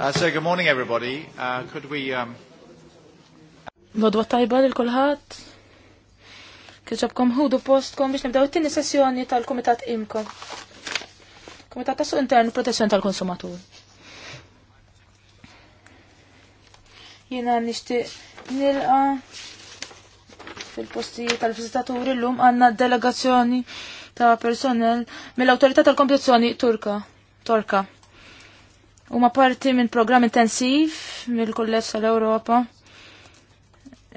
Uh, so good morning everybody. Uh, could we um Lodwa tajba lil kulħadd. Kieġabkom ħudu postkom biex nibdew it-tieni sessjoni tal-Kumitat Imkom. Kumitat ta' Internu Intern Protezzjoni tal-Konsumatur. Jiena nixtieq nilqa fil-postijiet tal-viżitaturi llum għandna delegazzjoni ta' personnel mill-Awtorità tal-Kompetizzjoni Turka. Torka. U ma parti minn program intensiv mill kulles tal-Ewropa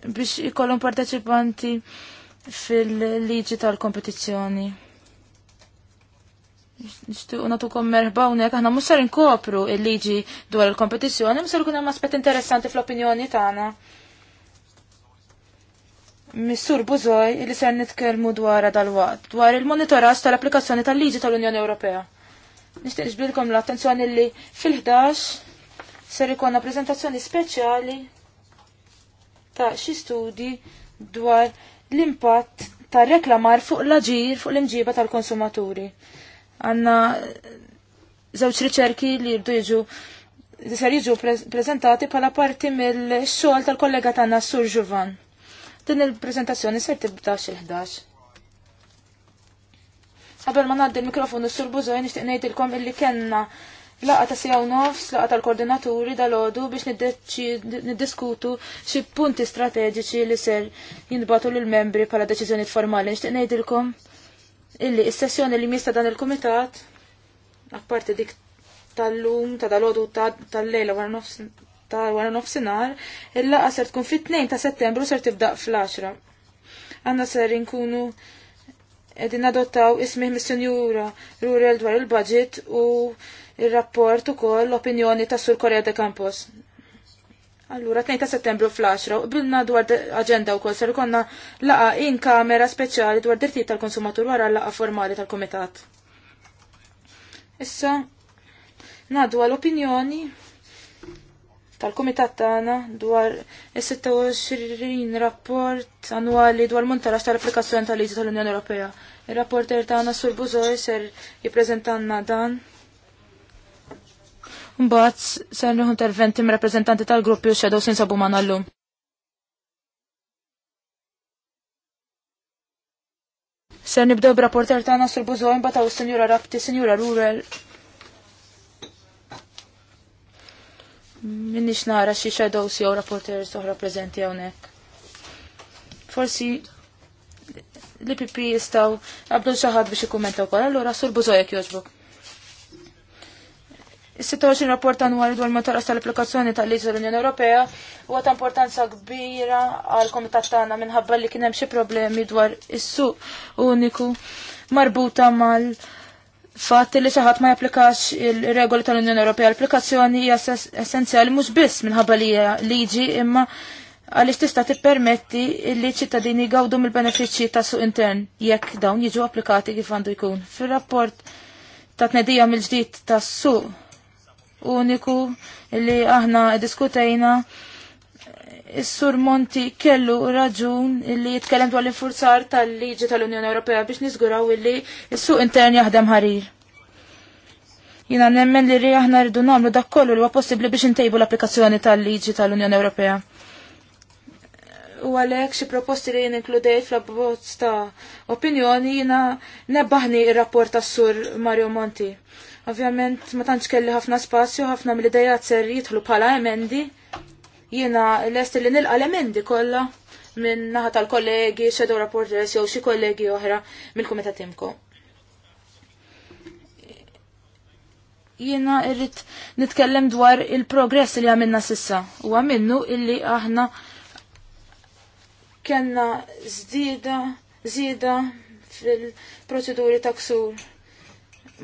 biex ikollhom parteċipanti fil-liġi tal-kompetizzjoni. Nishtuq kom merħba unek, aħna musar inkopru il-liġi dwar il-kompetizzjoni, musar kun hemm aspett interessanti fl-opinjoni tagħna. Missur Buzoj li ser nitkellmu dwar dal wad dwar il-monitoraġġ tal-applikazzjoni tal-liġi tal-Unjoni Ewropea. Nishtiq ġbilkom l-attenzjoni li fil-11 ser ikonna prezentazzjoni speċjali ta' xi studi dwar l-impatt ta' reklamar fuq l-aġir fuq l-imġiba tal-konsumaturi. Għanna żewġ riċerki li jirdu jiġu li ser jiġu prezentati pala parti mill-xogħol tal-kollega tagħna Sur Ġuvan. Din il-preżentazzjoni ser tibda xi 11. Qabel ma ngħaddi l-mikrofonu sur Bużoj nixtieq ngħidilkom illi kellna laqa ta' sijaw nofs, laqa tal-koordinaturi dal-ħodu biex niddiskutu xi punti strateġiċi li ser jindbatu lill-membri bħala deċiżjoni formali. Nixtieq ngħidilkom illi s sessjoni li mista dan il-kumitat apparti dik tal-lum, ta' dal-ħodu tal-lejla għar nofs ta' wara nofsinhar, il-laqa ser tkun fit-2 ta' settembru ser tibda fl-10. Għanna ser inkunu edin adottaw ismih mis-senjura rural dwar il-budget u il-rapport u koll l-opinjoni ta' Sur Korea de Campos. Allura, 2 ta' settembru fl-10, bilna dwar agenda u koll ser konna laqa in kamera speċjali dwar dirti tal-konsumatur wara laqa formali tal-komitat. Issa, nadu l-opinjoni tal-Kumitat tagħna dwar is-26 rapport annwali dwar montarax tal-applikazzjoni tal-liġi tal-Unjoni Ewropea Il-rapporter tagħna sur Buzoj ser jippreżentanna dan. Mbaħt, ser nieħu interventi mir-rappreżentanti tal-gruppi u sin sabu ma' llum. Ser nibdew b'rapporter tagħna sur Buzoj mbaħt għu senjura Rapti, Sinjura Rural. Minnix nara xi shadows jew rapporters oħra preżenti hawnhekk. Forsi li pipi jistaw għablu xaħad biex jikommenta u kol, allora sur bużojek joġbu. Is-26 rapport annwali dwar matoras tal-applikazzjoni tal-liġi tal-Unjoni Ewropea huwa ta' importanza kbira għal komitat tagħna minħabba li kien hemm xi problemi dwar is-suq uniku marbuta mal fatt li xi ħadd ma japplikax il-regoli tal-Unjoni Ewropea. L-applikazzjoni hija essenzjali mhux biss minħabba li hija liġi imma għaliex tista' tippermetti li ċittadini għawdu mill-benefiċċji ta' suq intern jekk dawn jiġu applikati kif għandu jkun. Fir-rapport ta' tnedija mill-ġdid tas suq uniku li aħna diskutejna Is-Sur Monti kellu raġun li jitkellem dwar l-infurzar tal-liġi tal-Unjoni Ewropea biex niżguraw illi s-suq intern jaħdem ħarir. Jina nemmen li aħna rridu nagħmlu dak kollu li huwa possibbli biex intejbu l-applikazzjoni tal-liġi tal-Unjoni Ewropea u għalek xie proposti li jien inkludejt fl-abbozz ta' opinjoni jina nebbaħni il-rapport ta' sur Mario Monti. Ovvjament, ma tantx kelli ħafna spazju, ħafna mill t ser jitħlu bħala emendi. Jiena est li nilqa l-emendi kollha minn naħa tal-kollegi, shadow rapporters jew xi kollegi oħra mill-kumitat imko. Jiena irrit nitkellem dwar il-progress li għamilna sissa u għamilnu illi aħna kena żdieda zida fil-proċeduri ta' ksur.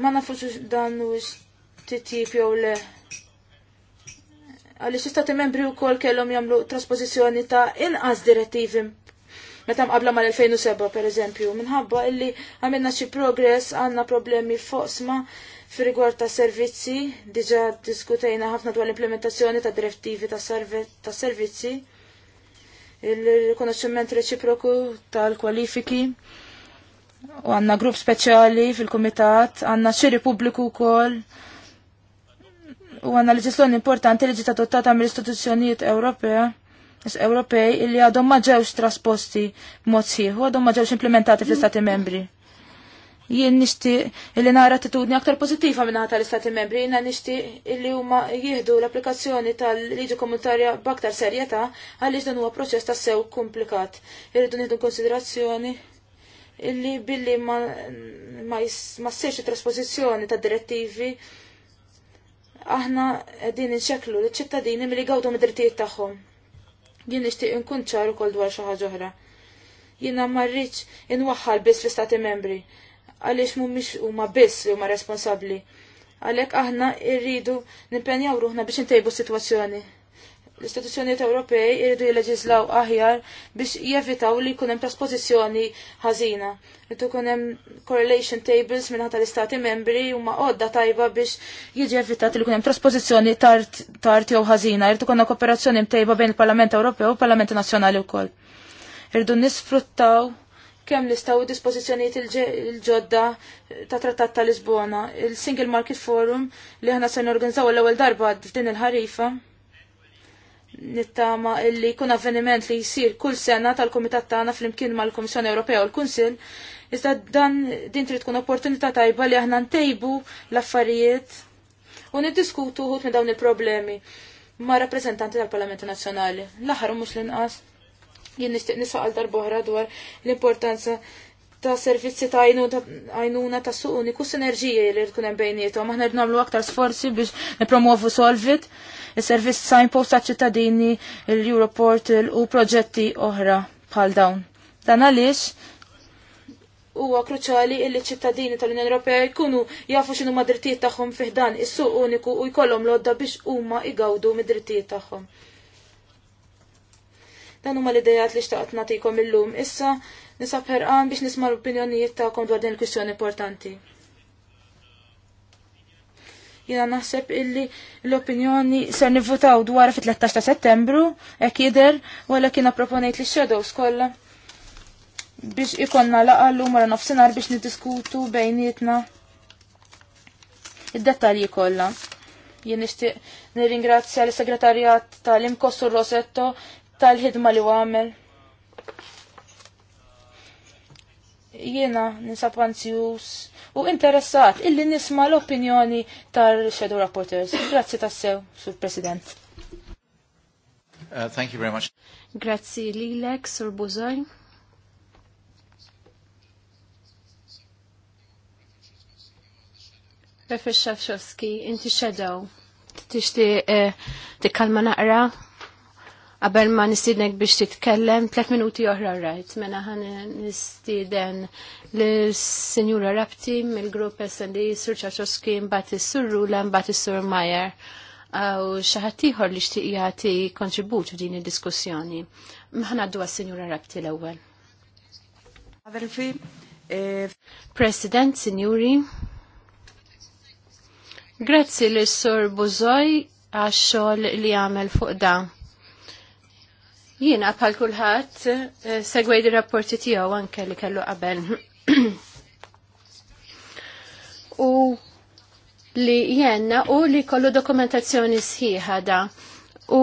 Ma nafux dan u titjib jew le. Għaliex istati membri wkoll kellhom jagħmlu trasposizjoni ta' inqas direttivi meta mqabla mal-2007 per eżempju, minħabba illi għamilna xi progress għandna problemi fosma fi rigward ta' servizzi, diġa diskutejna ħafna dwar l-implementazzjoni ta' direttivi ta', serv ta servizzi il-rikonoxximent reċiproku tal-kwalifiki u għanna grupp speċjali fil-komitat, għanna xiri pubbliku kol u għanna leġislon importanti li ġiet adottata mill-istituzzjonijiet Ewropea Ewropej li għadhom ma ġewx trasposti b'mod u għadhom ma ġewx implementati fl-Istati membri jien nixtieq illi nara attitudni aktar pożittiva minn tal-Istati Membri, jiena nixtieq illi huma jieħdu l-applikazzjoni tal-liġi komunitarja b'aktar serjetà għaliex dan huwa proċess ta' sew komplikat. Irridu nieħdu konsiderazzjoni illi billi ma, ma, ma ssirx trasposizzjoni ta' direttivi aħna din nxeklu li ċittadini mill għawdu mid-drittijiet tagħhom. Jien nixtieq nkun ċar ukoll dwar xi ħaġa oħra. Jiena ma inwaħħal biss l-Istati Membri għaliex mhumiex huma biss li huma responsabbli. Għalhekk aħna rridu nimpenjaw ruħna biex intejbu s-sitwazzjoni. L-istituzzjonijiet Ewropej irridu jileġislaw aħjar biex jevitaw li jkun hemm ħazina. ħażina. kunem jkun hemm correlation tables minn tal-istati membri huma odda tajba biex jiġi evitat li jkun hemm tart tard jew ħażina. Irridu konna kooperazzjoni mtejba bejn il-Parlament Ewropew u il-Parlament Nazzjonali wkoll irridu nisfruttaw kemm nistgħu dispożizzjonijiet il-ġodda ta' Trattat ta' Lisbona, il-Single Market Forum li aħna se norganizzaw l-ewwel darba din il-ħarifa. Nittama illi jkun avveniment li jsir kull sena tal-Kumitat tagħna flimkien mal-Kummissjoni Ewropea u l-Kunsill Iżda dan din trid tkun opportunità tajba li aħna ntejbu l-affarijiet u niddiskutu wħud minn dawn il-problemi ma' rappresentanti tal parlamentu Nazzjonali. L-aħħar mhux l-inqas Jien nixtieq nisaqal darbohra dwar l-importanza ta' servizzi ta' għajnuna ta' suq uniku sinerġija li tkun hemm bejniethom. Aħna nagħmlu aktar sforzi biex nipromuovu Solvit, is-servizz signpost ta' ċittadini, l-Europort u proġetti oħra bħal dawn. Dan għaliex huwa kruċali illi ċittadini tal-Unjoni Ewropea jkunu jafu x'inhu ma drittijiet tagħhom fih dan is-suq uniku u jkollhom lodda biex huma igawdu mid-drittijiet tagħhom. Dan huma l-idejat li xtaqt nagħtikom illum. Issa nisab ħerqan biex nisma' l-opinjonijiet tagħkom dwar din il-kwistjoni importanti. Jiena naħseb illi l-opinjoni ser nivvutaw dwar fit-13 ta' Settembru, hekk jidher, wara kien proponejt li shadows kollha biex ikonna laqal l-lum biex niddiskutu bejnietna id-dettalji kollha. Jien nixtieq nirringrazzja l segretarjat tal-Imkossu Rosetto tal-ħidma li għamel. Jiena nisab anzjus u interessat illi nisma l-opinjoni tal-Shadow Rapporteurs. Grazzi tassew, Sur President. Uh, thank you very much. Grazzi lilek, Sur Buzoj. Refer Shafshowski, inti Shadow. Tixti eh, kalma naqra Għabel ma nistidnek biex titkellem, tlet minuti oħra rajt, mena ħan nistiden l-Senjura Rapti mill-grupp SD, Sur Ċaċoski, mbati sur Rula, mbagħad is-Sur Majer u xaħatiħor li xtiqjati kontributu din il-diskussjoni. Mħan għaddu għas-Senjura Rabti l-ewel. President, Senjuri, grazzi l sur Buzoj għax xogħol li għamel fuq dan. Jiena bħal kulħadd eh, segwej ir-rapporti tiegħu anke li kellu qabel. u li jenna u li kollu dokumentazzjoni sħiħa da. U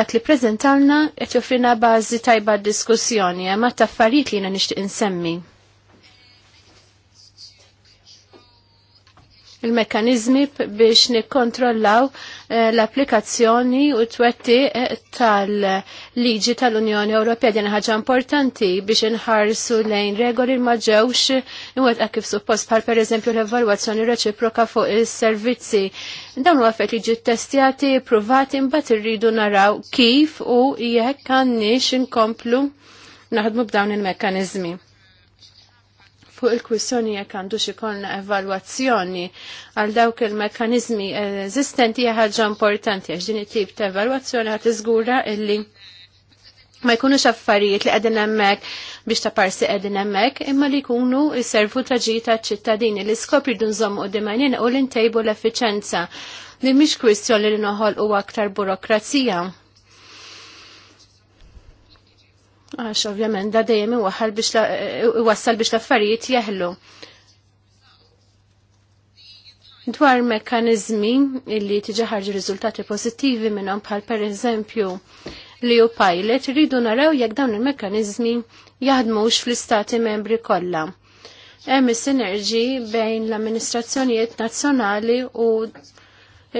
dak li prezentalna qed joffrina bażi tajba diskussjoni, ma taffarijiet li jiena nixtieq insemmi. il-mekkanizmi biex nikkontrollaw eh, l-applikazzjoni u twetti eh, tal-liġi tal-Unjoni Ewropea din ħaġa importanti biex inħarsu lejn regoli ma ġewx imwet kif suppost bħal pereżempju l-evalwazzjoni reċiproka fuq is-servizzi. Dawn huwa fet liġi testjati, provati mbagħad irridu naraw kif u jekk għandniex inkomplu naħdmu b'dawn il-mekkaniżmi fuq il-kwissjoni jekk għandux ikollna evalwazzjoni għal dawk il-mekkaniżmi eżistenti hija ħaġa importanti għax din it-tip ta' evalwazzjoni ħad iżgura illi ma jkunux affarijiet li qegħdin hemmhekk biex ta' parsi qegħdin hemmhekk, imma li jkunu jservu ta' ċittadini li skopri dun u dimajnina u l-intejbu l-effiċenza li mhix kwistjoni li noħolqu aktar burokrazija Għax ovvjament da dejjem iwassal biex l-affarijiet jeħlu. Dwar mekkanizmi illi tiġaħarġu riżultati pożittivi minnhom bħal pereżempju li u pilot rridu naraw jekk dawn il-mekkanizmi jaħdmux fl-istati membri kollha. Hemm is-sinerġi bejn l-amministrazzjonijiet nazzjonali u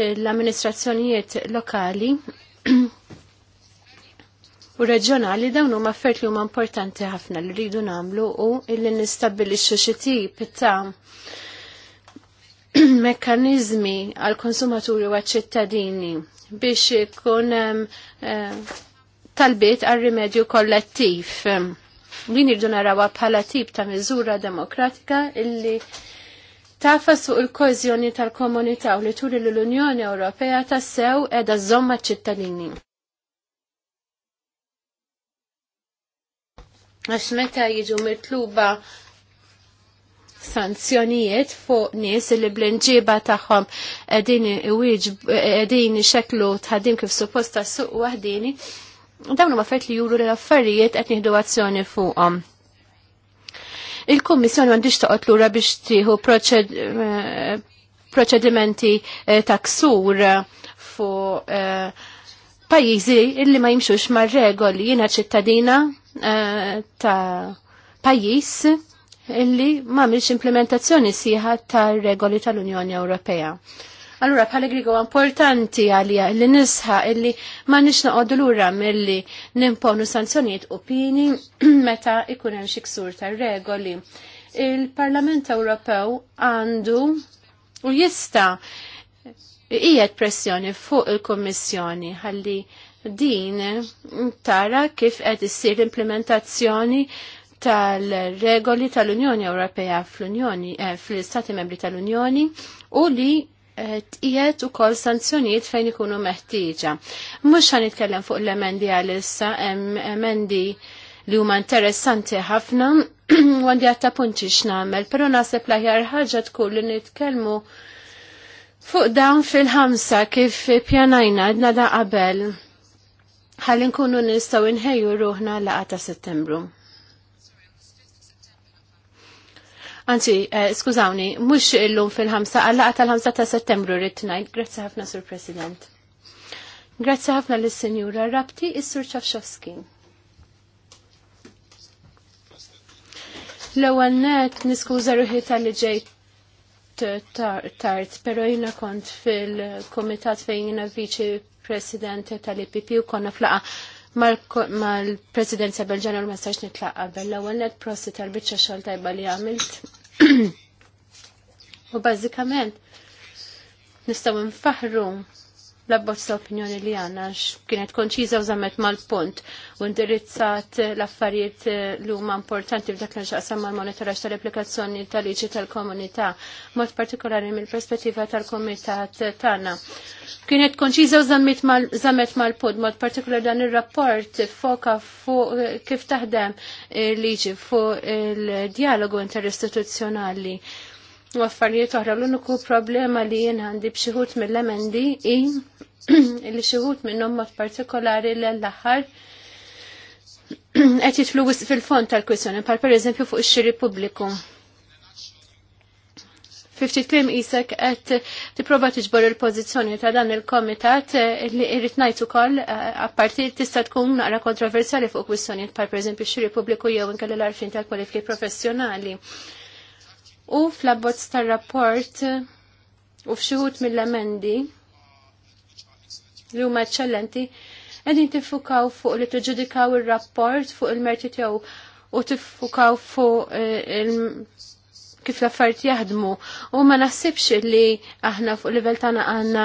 l-amministrazzjonijiet lokali u reġjonali dawn huma affert li huma importanti ħafna li rridu nagħmlu u illi nistabbilixxu xi tip ta' mekkaniżmi għal konsumaturi u ċittadini biex ikun talbiet għal rimedju kollettiv. Li nirdu narawha bħala tip ta' miżura demokratika illi tafas fuq il-kozjoni tal-komunità u li turi l-Unjoni Ewropea tassew edha żomma ċittadini. għax meta jiġu mitluba sanzjonijiet fuq nies li bl-inġiba tagħhom qegħdin ixekklu tħaddim kif supposta suq waħdini, dawn huma fett li juru l-affarijiet qed nieħdu azzjoni fuqhom. Il-Kummissjoni m'għandix toqgħod lura biex tieħu eh, proċedimenti eh, ta' ksur eh, fuq pajizi illi ma jimxux mar regoli jina ċittadina uh, ta' pajis illi ma milx implementazzjoni siħa ta' regoli tal-Unjoni Ewropea. Allura bħale grigo importanti għalija li nisħa illi ma nix naqoddu lura milli nimponu sanzjoniet u pini meta ikun hemm xi ksur tar-regoli. Il-Parlament Ewropew għandu u jista ijiet pressjoni fuq il-Kommissjoni ħalli din tara kif qed issir l-implementazzjoni tal-regoli tal-Unjoni Ewropea fl-Unjoni eh, fl-Istati Membri tal-Unjoni u li eh, tijet u kol sanzjoniet fejn ikunu meħtieġa. Mux għan itkellem fuq l-emendi għal-issa, emendi li huma interessanti ħafna, għandi għatta punċi x'namel, pero nasib laħjar ħagġa tkun li nitkellmu Fuq dawn fil-ħamsa kif pjanajna għadna da qabel, ħalli nkunu nistaw inħeju ruħna laqa ta' settembru. Anzi, eh, skużawni, mux illum fil-ħamsa, għallaqa tal-ħamsa ta' settembru ritnajt, grazzi ħafna, Sur President. Grazzi ħafna l-Senjura Rabti, is-Sur Ċafxowski. L-ewwel net niskuża ruħi tal-li ġejt tard, pero jina kont fil-komitat fejn jina viċi president tal-IPP u konna flaqa mal-presidenza mal belġana l-messaċ nitlaqa bella u net prosti tal-bicċa xol tajba li għamilt. u bazzikament nistaw nfaħru l abbozza opinjoni li għanna kienet konċiża u zammet mal-punt u indirizzat l-affarijiet eh, li huma importanti f'dak li xaqsam mal monitoraċ tal-applikazzjoni tal-liġi tal-komunità, mod partikolari mill-perspettiva tal-komitat tagħna. Kienet konċiża u zammet mal-punt, mod partikolari dan ir-rapport foka fuq eh, kif taħdem liġi fuq il-dialogu interistituzzjonali u affarijiet oħra l-uniku problema li jien għandi b'xiħut mill-emendi i li xiħut minnhom ma partikolari l-aħħar qed jitlu fil-fond tal-kwissjoni per pereżempju fuq ix-xiri pubbliku. Fifti klim isek qed tipprova tiġbor il-pożizzjoni ta' dan il-komitat li irrid ngħid ukoll eh, apparti tista' tkun naqra kontroversjali fuq kwissjoni, par per x-xiri pubbliku jew inkella l-arfin tal-kwalifiki professjonali. U fl-abbozz tar-rapport u f'xuħut mill-emendi li huma eċċellenti qegħdin tiffukaw fuq li tiġġudikaw ir-rapport fuq il-merti tiegħu u tiffukaw fuq eh, il-gu kif l-affarijiet jaħdmu u ma naħsibx li aħna fuq livell tagħna għandna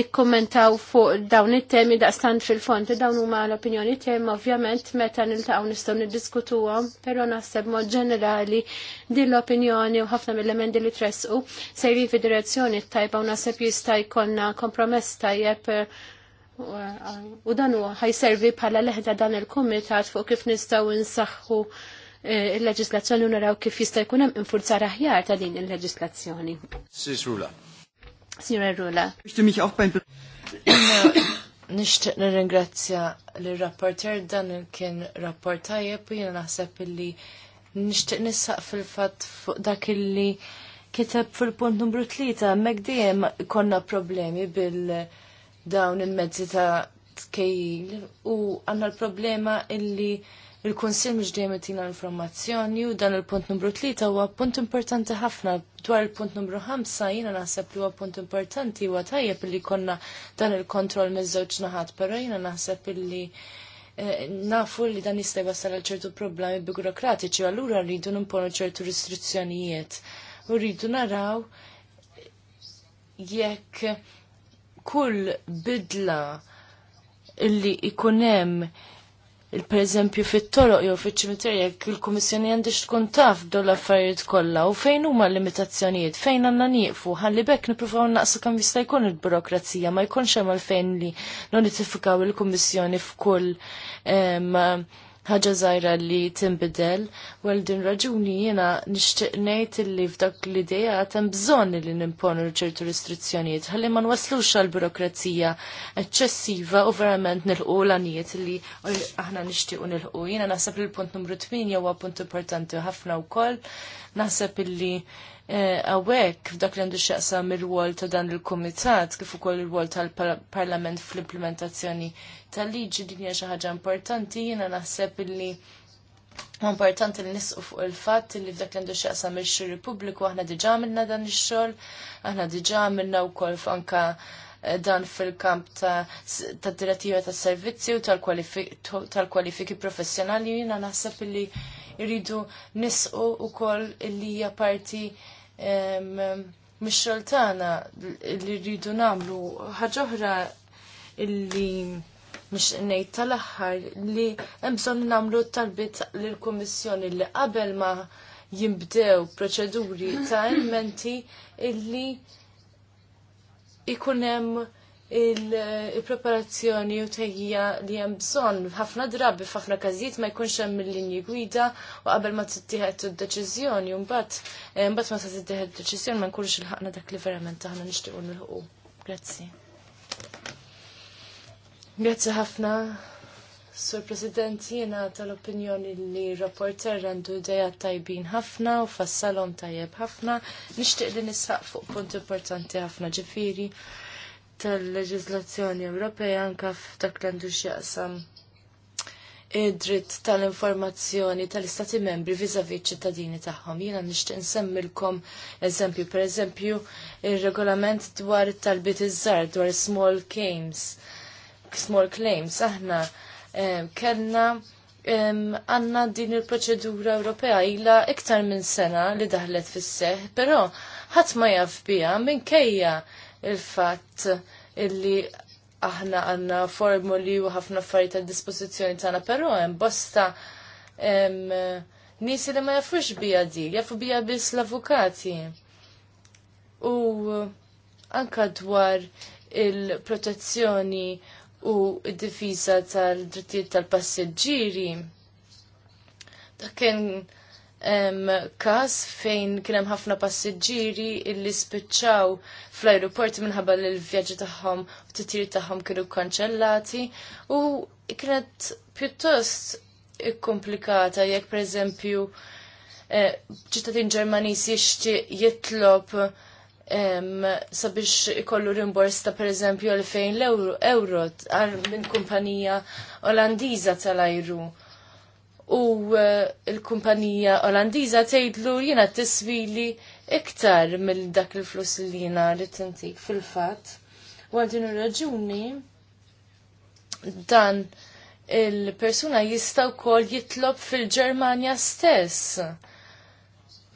nikkommentaw fuq dawn it-temi daqstant fil-fond dawn huma l-opinjoni tiegħi ovvjament meta niltaqgħu nistgħu niddiskutuhom, però naħseb mod ġenerali din l-opinjoni u ħafna mill-emendi li tressqu sejri fi direzzjoni tajba u naħseb jista' jkollna kompromess tajjeb eh, u dan ħajservi bħala leħda dan il-kumitat fuq kif nistgħu nsaħħu Eh, il-leġislazzjoni u naraw kif jista' jkun hemm infurzar aħjar ta' din il-leġislazzjoni. Sis Rula. Signora Rula. Nixtieq nirringrazzja lir-rapporter dan kien rapport tajjeb u jiena naħseb illi nixtieq nissaq fil-fatt fuq dak illi kiteb fil-punt numru tlieta hemmhekk dejjem konna problemi bil dawn il-mezzi ta' tkejjil u għandna l-problema illi il-Konsil mhux dejjem tina l-informazzjoni u dan il-punt numru 3 huwa punt importanti ħafna dwar il-punt numru 5 jiena naħseb li huwa punt importanti huwa tajjeb li konna dan il-kontroll miż-żewġ naħat, però jiena naħseb li eh, nafu li dan jista' jwassal għal ċertu problemi burokratiċi allura rridu nimponu ċertu restrizzjonijiet. U rridu naraw jekk kull bidla illi ikunem per eżempju fit-toroq jew fiċ jekk il-Kummissjoni għandix tkun taf dawn l-affarijiet kollha u fejn huma l-limitazzjonijiet, fejn għandna nieqfu, ħalli bekk nippruvaw naqsu kemm jista' jkun il-burokrazija, ma jkunx hemm għalfejn li notifikaw il-Kummissjoni f'kull ħaġa żgħira li tinbidel, u għal din raġuni jiena nixtieq ngħid li f'dak l-idea hemm bżonn li nimponu ċertu restrizzjonijiet ħalli ma nwaslux għal burokrazija eċċessiva u verament nilqu l-għanijiet li aħna nixtiequ nilħu. Jiena naħseb li l-punt numru 8 huwa punt importanti ħafna wkoll. Naħseb illi għawek eh, f'dak li għandu xaqsam il-wol ta' dan il-komitat, kif ukoll il-wol tal-parlament fl-implementazzjoni tal-liġi din hija xi ħaġa importanti, jiena naħseb illi importanti li nisqu fuq il-fatt li f'dak l-għandu xaqsa il-xur Republiku aħna diġa minna dan ix-xogħol, aħna diġa minna wkoll anka eh, dan fil-kamp ta', direttiva ta' servizzi u tal-kwalifiki professjonali jiena naħseb li jridu nisqu wkoll illi li hija parti mix xogħol tagħna li rridu ħaġa oħra illi nix nejt tal-axħar li jemżon namlu tal-bit l-Komissjoni li qabel ma jimbdew proċeduri ta' elmenti illi ikunem il-preparazzjoni u tejjija li hemm bżonn ħafna drabi f'ħafna każijiet ma jkunx hemm il-linji gwida u qabel ma tittieħed id-deċiżjoni u mbagħad eh, mbagħad ma tittieħed id-deċiżjoni ma nkunx il-ħaqna dak li verament aħna nixtiequ nilħu. Grazzi. Grazzi ħafna. Sur President, jiena tal-opinjoni li rapporter għandu ideja tajbin ħafna u fassalom tajjeb ħafna, nixtieq li nisħaq fuq punt importanti ħafna ġifiri tal-leġizlazzjoni Ewropea anka f'dak li għandu x'jaqsam id-dritt tal-informazzjoni tal-istati membri vizavi ċittadini tagħhom. Jiena nixtieq nsemmilkom eżempju, per eżempju, ir-regolament dwar it-talbiet iż-żar dwar small games small claims. Aħna eh, kellna għanna eh, din il-proċedura Ewropea ila iktar minn sena li daħlet fis-seħ, però ħadd ma jaf biha minkejja il-fatt illi aħna għanna formuli u ħafna affarijiet ta' dispożizzjoni tagħna, però hemm bosta nisi li ma jafux bija di, jafu bija biss l-avukati. U anka dwar il-protezzjoni u id-difiża tal-drittijiet tal-passiġġieri. Dak kien każ fejn kien hemm ħafna passiġġieri illi spiċċaw fl-ajruport minħabba li l-vjaġġi tagħhom u t-tir tagħhom kienu kkanċellati u kienet pjuttost ikkomplikata jekk pereżempju eh, ċittadin Ġermaniż jixtieq jitlob sabiex ikollu rimbors ta' per eżempju 2000 euro minn kumpanija Olandiża tal-ajru. U eh, l-kumpanija Olandiża tgħidlu jiena tiswili iktar mill dak il-flus li jina li tintik fil-fatt. U għandin raġuni dan il-persuna jistaw kol jitlob fil-Germania stess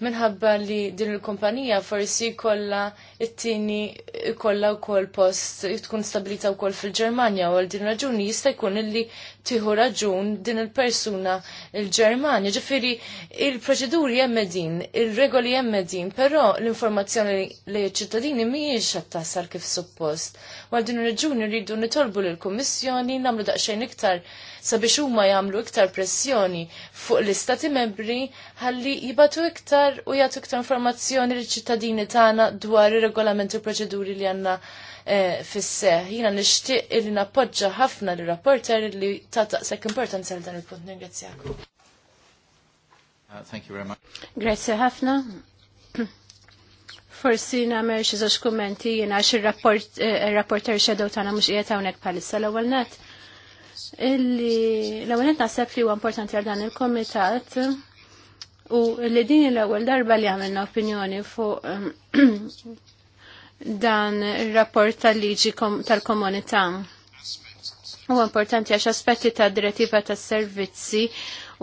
minħabba li din il-kumpanija forsi kollha it-tieni kollha wkoll post tkun stabilita wkoll fil-Ġermanja u għal din raġuni jista' jkun illi tieħu raġun din il-persuna il-Ġermanja. Ġifieri il-proċeduri hemm il ir-regoli hemm din, però l-informazzjoni li ċittadini mhijiex qed kif suppost. Għal din raġuni rridu nitolbu lill-Kummissjoni nagħmlu daqsxejn iktar sabiex huma jagħmlu iktar pressjoni fuq l-istati membri ħalli jibatu iktar u jagħtu iktar informazzjoni liċ-ċittadini tagħna dwar ir-regolamenti u proċeduri li għandna eh, fis-seħ. Jiena nixtieq li nappoġġa ħafna l rapporter li ta' taqsek importanza għal dan il-punt. ningrazzjak. Uh, thank you very much. Grazie ħafna. Forsi nagħmel xi żewġ kummenti jiena għax ir-rapporter eh, shadow tagħna mhux qiegħed hawnhekk bħalissa l-ewwel nett illi l-ewwel naħseb li huwa importanti għal dan il-komitat u li din l-ewwel darba li għamilna opinjoni fuq ehm, dan ir-rapport tal-liġi tal-komunità. Huwa importanti għax aspetti ta' direttiva tas servizzi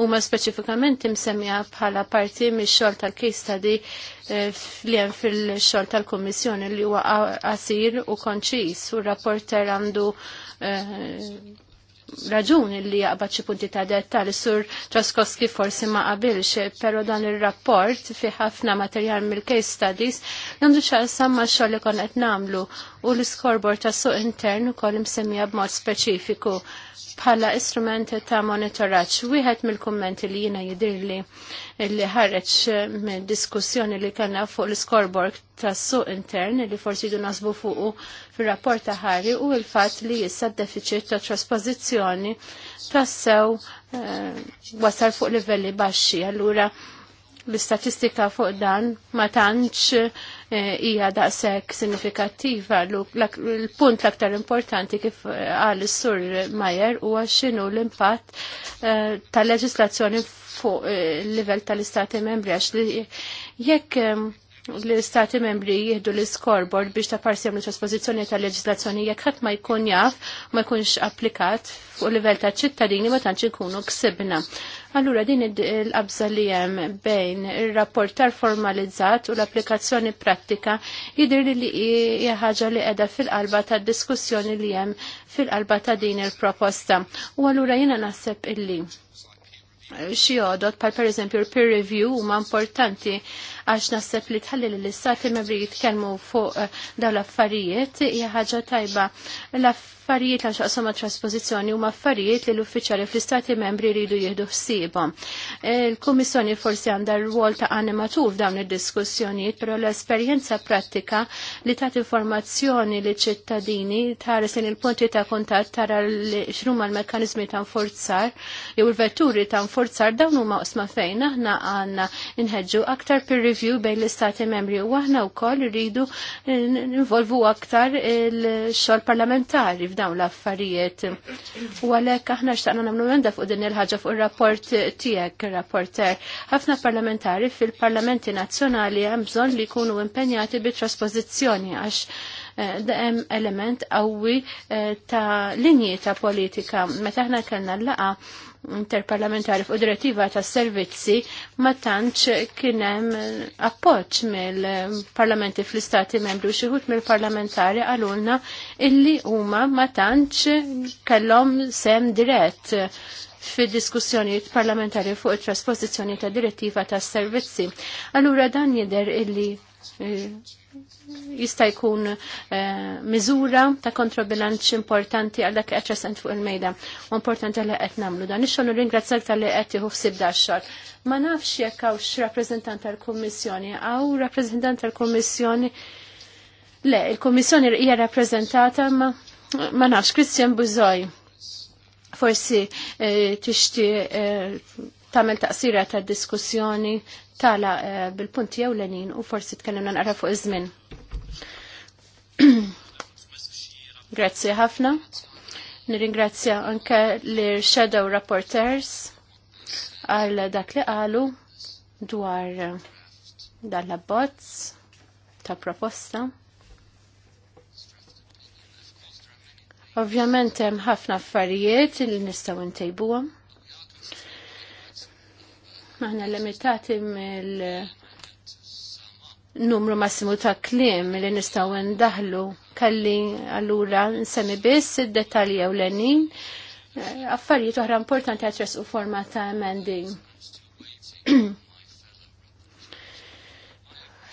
huma speċifikament imsemmija bħala parti mix-xogħol tal kista di li hemm fil-xogħol tal-Kummissjoni li huwa għasir u konċis u r-rapporter għandu eh, raġun li jaqbad xi punti ta' li sur Traskowski forsi ma qabilx, però dan ir-rapport fi ħafna materjal mill-case studies għandu xar samma xogħol li kon qed nagħmlu u l iskorbor ta' suq intern ukoll imsemmija b'mod speċifiku bħala istrumenti ta' monitoraċ. Wieħed mill-kummenti li jiena jidirli li ħareġ mid-diskussjoni li kellna fuq l iskorbor tas suq intern li forsi jdu nasbu fuqu fil-rapport ta' ħari u il-fat li jissa deficit ta' trasposizjoni tassew uh, wasal fuq livelli baxxi. Allura l-istatistika fuq dan ma tantx eh, hija daqshekk sinifikattiva l-punt l-aktar importanti kif għal eh, sur Majer huwa x'inhu l-impatt eh, tal-leġislazzjoni fuq il-livell tal-istati membri għax li jekk l-istati membri jihdu l-scoreboard biex ta' parsi l trasposizjoni ta' leġislazzjoni jekk ħadd ma jkun jaf ma jkunx applikat fuq livell ta' ċittadini ma tantx ikunu ksibna. Allura din il-qabża li hemm bejn ir-rapportar formalizzat u l-applikazzjoni pratika jidher li hija ħaġa li qiegħda fil-qalba tad-diskussjoni li hemm fil-qalba ta' din il-proposta. U allura jiena naħseb illi xi għodot pal per eżempju peer review huma importanti għax naħseb li tħalli li l-istati membri jitkellmu fuq eh, dawn l-affarijiet hija ħaġa tajba l-affarijiet affarijiet għal xaqsama trasposizjoni u affarijiet li l uffiċali fl-istati membri rridu jihdu ħsiebhom. Il-Kummissjoni forsi għandha rwol ta' animatur f'dawn id-diskussjonijiet, però l-esperjenza pratika li tat informazzjoni li ċittadini tara li il punti ta' kuntatt tara x'ruma l-mekkaniżmi ta' nforzar jew il-vetturi ta' nforzar dawn huma qosma fejn aħna għandna inħeġġu aktar peer review bejn l-istati membri u aħna wkoll rridu involvu aktar il-xogħol parlamentari f'dawn l-affarijiet. U għalhekk aħna xtaqna nagħmlu għanda fuq din il-ħaġa fuq ir-rapport tiegħek, rapporter. Ħafna parlamentari fil-parlamenti nazzjonali hemm bżonn li jkunu impenjati bit traspożizzjoni għax eh, hemm element qawwi eh, ta' linji ta' politika. Meta aħna kellna l-laqa interparlamentari fuq direttiva ta' servizzi ma tantx kien hemm appoġġ mill-parlamenti fl-istati membri u xi mill-parlamentari għalulna illi huma ma tantx kellhom sem dirett fi diskussjonijiet parlamentari fuq it-trasposizzjoni ta' direttiva ta' servizzi. Allura dan jidher illi eh, jista' jkun eh, miżura ta' kontrabilanċ importanti għal dak qed rasent fuq il-mejda. U importanti li qed nagħmlu dan. Ix-xogħol ringrazzjak tal-li qed jieħu f'sib xogħol. Ma nafx jekk hawnx rappreżentant tal-Kummissjoni għaw rappreżentant tal-Kummissjoni Le, il-Kommissjoni hija rappreżentata ma, ma nafx Christian Buzoj. Forsi eh, tixti eh, tagħmel taqsira ta' diskussjoni tala eh, bil-punti jew lenin u forsi tkellimna nqara fuq iż-żmien. Grazzi ħafna. Niringrazzja anke l-Shadow rapporteurs għal dak li qalu dwar eh, dan bots ta' proposta. Ovvjament hemm ħafna affarijiet li nistgħu ntejbuhom maħna limitati mill numru massimu ta' klim li nistaw ndaħlu kalli allura nsemmi biss id-detalji l-enin eh, affarijiet oħra importanti għatres u forma ta' amending.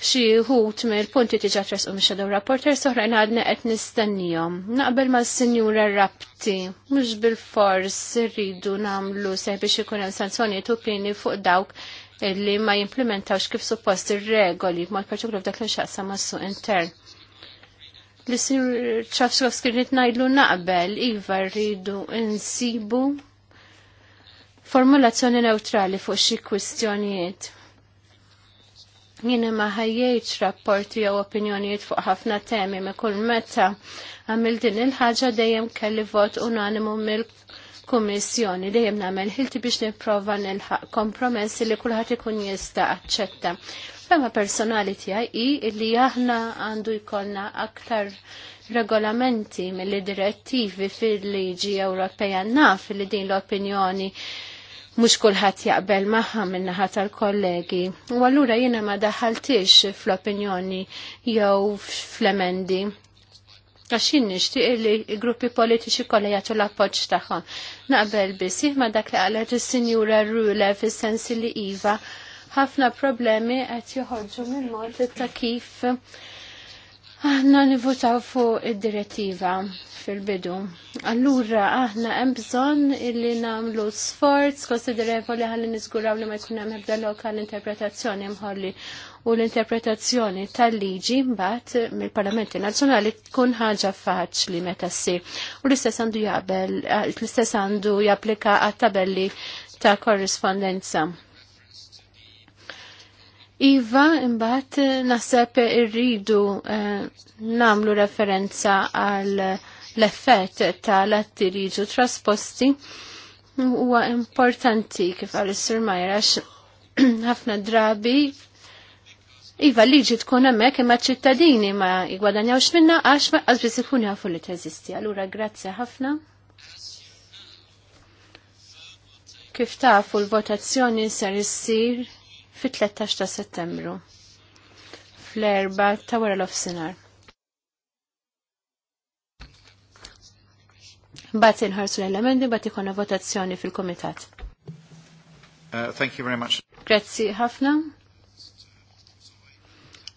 xi ħut mill-punti tiġa tresqu u shadow rapporter soħrajn għadna qed nistennihom. Naqbel mas-Sinjura Rapti, mhux bil-fors rridu nagħmlu se biex ikun hemm sanzjonijiet u pieni fuq dawk li ma jimplementawx kif suppost ir-regoli b'mod partikolari f'dak li nxaqsam mas-suq intern. Li sir Ċafskovski rrid ngħidlu naqbel iva rridu insibu formulazzjoni neutrali fuq xi kwistjonijiet Jina ma ħajjejt rapporti jew opinjonijiet fuq ħafna temi me kull meta għamil din il-ħaġa dejjem kelli vot unanimu mill-Kummissjoni dejjem nagħmel ħilti biex nipprova nilħaq kompromessi li kulħadd ikun jista' aċċetta. Fema personali tiegħi hi li aħna għandu jkollna aktar regolamenti mill-direttivi fil-liġi Ewropea naf li din l-opinjoni mhux kulħadd jaqbel magħha min-naħa tal-kollegi. U allura jiena ma daħaltix fl-opinjoni jew fl-emendi għax jien nixtieq li l-gruppi politiċi kollha jagħtu l-appoġġ tagħhom. Naqbel biss ma dak li qalet is-Sinjura Rule fis-sensi li iva ħafna problemi qed joħorġu minn mod ta' kif Aħna nivutaw fuq id-direttiva fil-bidu. Allura, aħna hemm bżonn illi nagħmlu sforz li ħalli niżguraw li ma jkun hemm ebda lokal interpretazzjoni mħolli u l-interpretazzjoni tal-liġi mbagħad mill-Parlamenti Nazzjonali tkun ħaġa faċli meta ssir. U l-istess għandu jaqbel eh, l-istess għandu japplika għat-tabelli ta' korrispondenza. Iva, imbagħad naħseb irridu eh, namlu referenza għal l-effett tal-atti riġu trasposti huwa importanti kif għal is-Sur għax ħafna drabi Iva liġi tkun hemmhekk imma ċittadini ma jgwadanjawx minna għax ma biss ikun jafu li teżisti. Allura grazzi ħafna. Kif tafu l-votazzjoni ser issir fit-13 ta' settembru fl-erba ta' wara l-ofsinar. Bati nħarsu l-elementi, bati ikonna votazzjoni fil-komitat. Uh, thank you very much. Grazzi ħafna.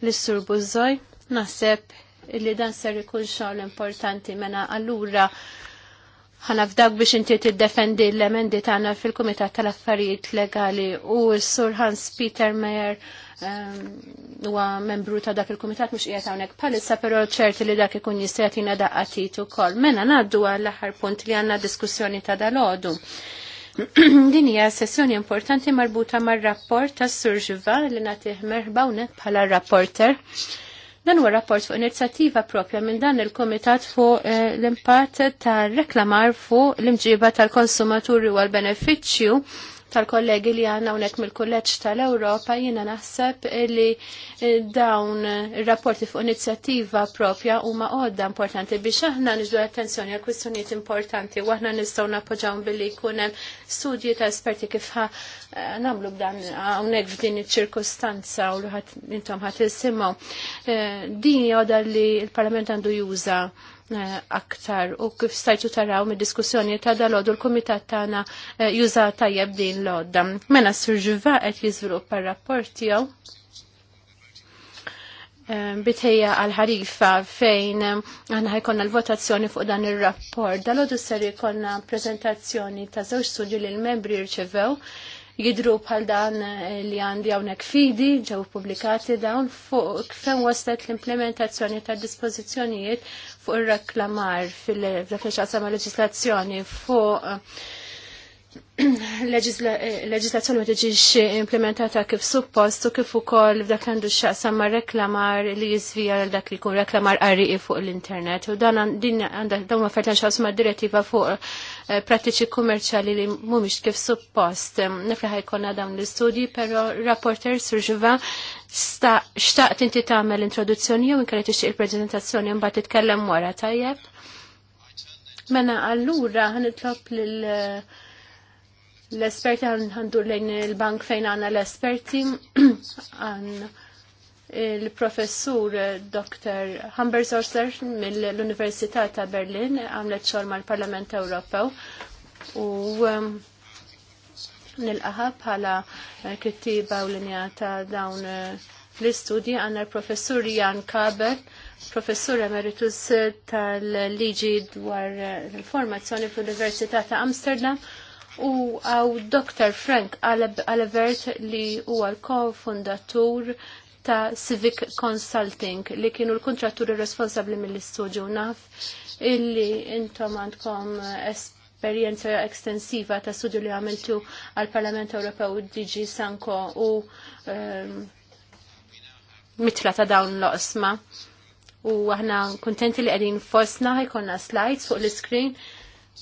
L-Sur Buzzoj, naħseb li dan seri kull xogħol importanti mena allura ħana f'dak biex inti tiddefendi l-emendi tagħna fil-Kumitat tal-Affarijiet Legali u s-Sur Hans Peter Meyer ehm, huwa um, membru ta' dak il-Kumitat mhux qiegħed hawnhekk bħalissa però ċerti li dak ikun jista' jagħtina daqqatit ukoll. Mena ngħaddu għall-aħħar punt li għandna diskussjoni ta' dalodu. Din hija sessjoni importanti marbuta mar-rapport tas-Sur Ġiva li nagħtih merħba hawnhekk bħala -rapporter Dan huwa rapport fuq inizjattiva propja minn dan il-Komitat fuq eh, l-impatt tar-reklamar fuq l-imġiba tal-konsumaturi u l benefiċċju tal-kollegi li għanna unek mill-kulleċ tal-Europa jina naħseb li dawn rapporti fuq inizjattiva propja u ma għodda importanti biex aħna nġdu attenzjoni għal kwistjoniet importanti u aħna nistaw napoġaw billi kunem studji ta' esperti kif eh, namlu b'dan unek eh, f'din il-ċirkustanza u l-ħat intom ħat jisimaw. Eh, Dini għoda li il-parlament għandu juża Eh, aktar u kif stajtu taraw mid diskussjoni ta' dal-ħodu l-komitat tagħna eh, juża tajjeb din l-għodda. Mena surġiva qed jiżviluppa rapport tiegħu eh, bitejja għal-ħarifa fejn għanna ħajkonna l-votazzjoni fuq dan il-rapport. Dal-ħodu ser jkonna prezentazzjoni ta' żewġ studju li l-membri rċevew jidru bħal dan li għandi hawnhekk fidi ġew publikati dawn fuq fejn waslet l-implementazzjoni ta' dispożizzjonijiet fuq ir-reklamar fil-referenza ma' leġislazzjoni fuq leġislazzjoni eh, ma tiġix implementata kif suppost u kif ukoll f'dak għandu x'aqsam ma' reklamar li jiżvija l dak li jkun reklamar qarriqi fuq l-internet u dan din għandha dawn offerta x'aqsam ma' direttiva fuq eh, prattiċi kummerċjali li mhumiex kif suppost. Eh, Nifla ħajkonna dawn l-istudji, però rapporter Surġuva xtaqt inti tagħmel introduzzjoni jew inkella tixtieq il-preżentazzjoni mbagħad titkellem wara tajjeb. Mena allura ħanitlob lil l-esperti għandu lejn il-bank fejn għanna l-esperti għan il-professur Dr. Humber Sorser mill-Università ta' Berlin għamlet xogħol mal-Parlament Ewropew u um, nilqaħa bħala kittiba u linja ta' dawn uh, l-istudji għanna l-professur Jan Kabel, professur emeritus tal-liġi dwar uh, l formazzjoni fl-Università ta' Amsterdam u għaw Dr. Frank Alevert li huwa l-kofundatur ta' Civic Consulting li kienu l-kontratturi responsabli mill-istudju naf illi intom għandkom esperjenza ekstensiva ta' studju li għamiltu għal-Parlament Ewropew DG Sanko u um, mitla ta' dawn l-osma. U aħna kontenti li għedin fosna ħajkonna slides fuq l-screen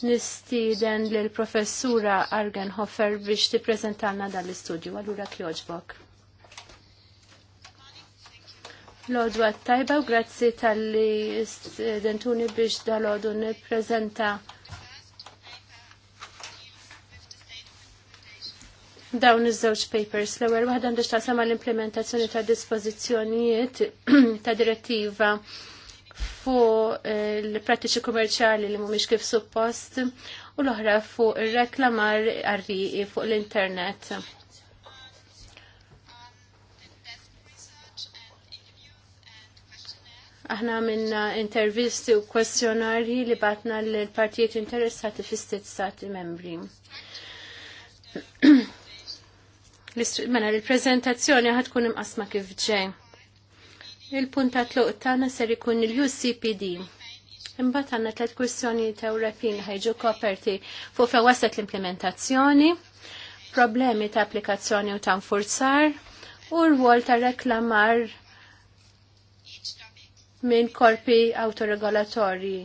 nistieden lil professura Argenhofer biex tippreżentalna dan l-istudju. Allura kjoġbok. Lodwa tajba u grazzi tal-li studentuni biex dal odu nipprezenta dawn iż-żewġ papers. L-ewwel waħda għandha x'taqsam l-implementazzjoni ta' dispożizzjonijiet ta' direttiva fuq il-prattiċi eh, kummerċali li mhumiex kif suppost u l-oħra fuq ir-reklamar arriqi fuq l-internet. Aħna minna intervisti u kwestjonarji li batna l-partijiet interessati fi stit stati membri. Mena l-prezentazzjoni ħatkun imqasma kif ġej Il-punta tluq tagħna ser ikun il-UCPD. Imbagħad għandna tliet kwistjonijiet Ewropin ħajġu koperti fuq fewasset l-implementazzjoni, problemi ta' applikazzjoni u ta' nfurzar, u r-wol ta' reklamar minn korpi autoregolatorji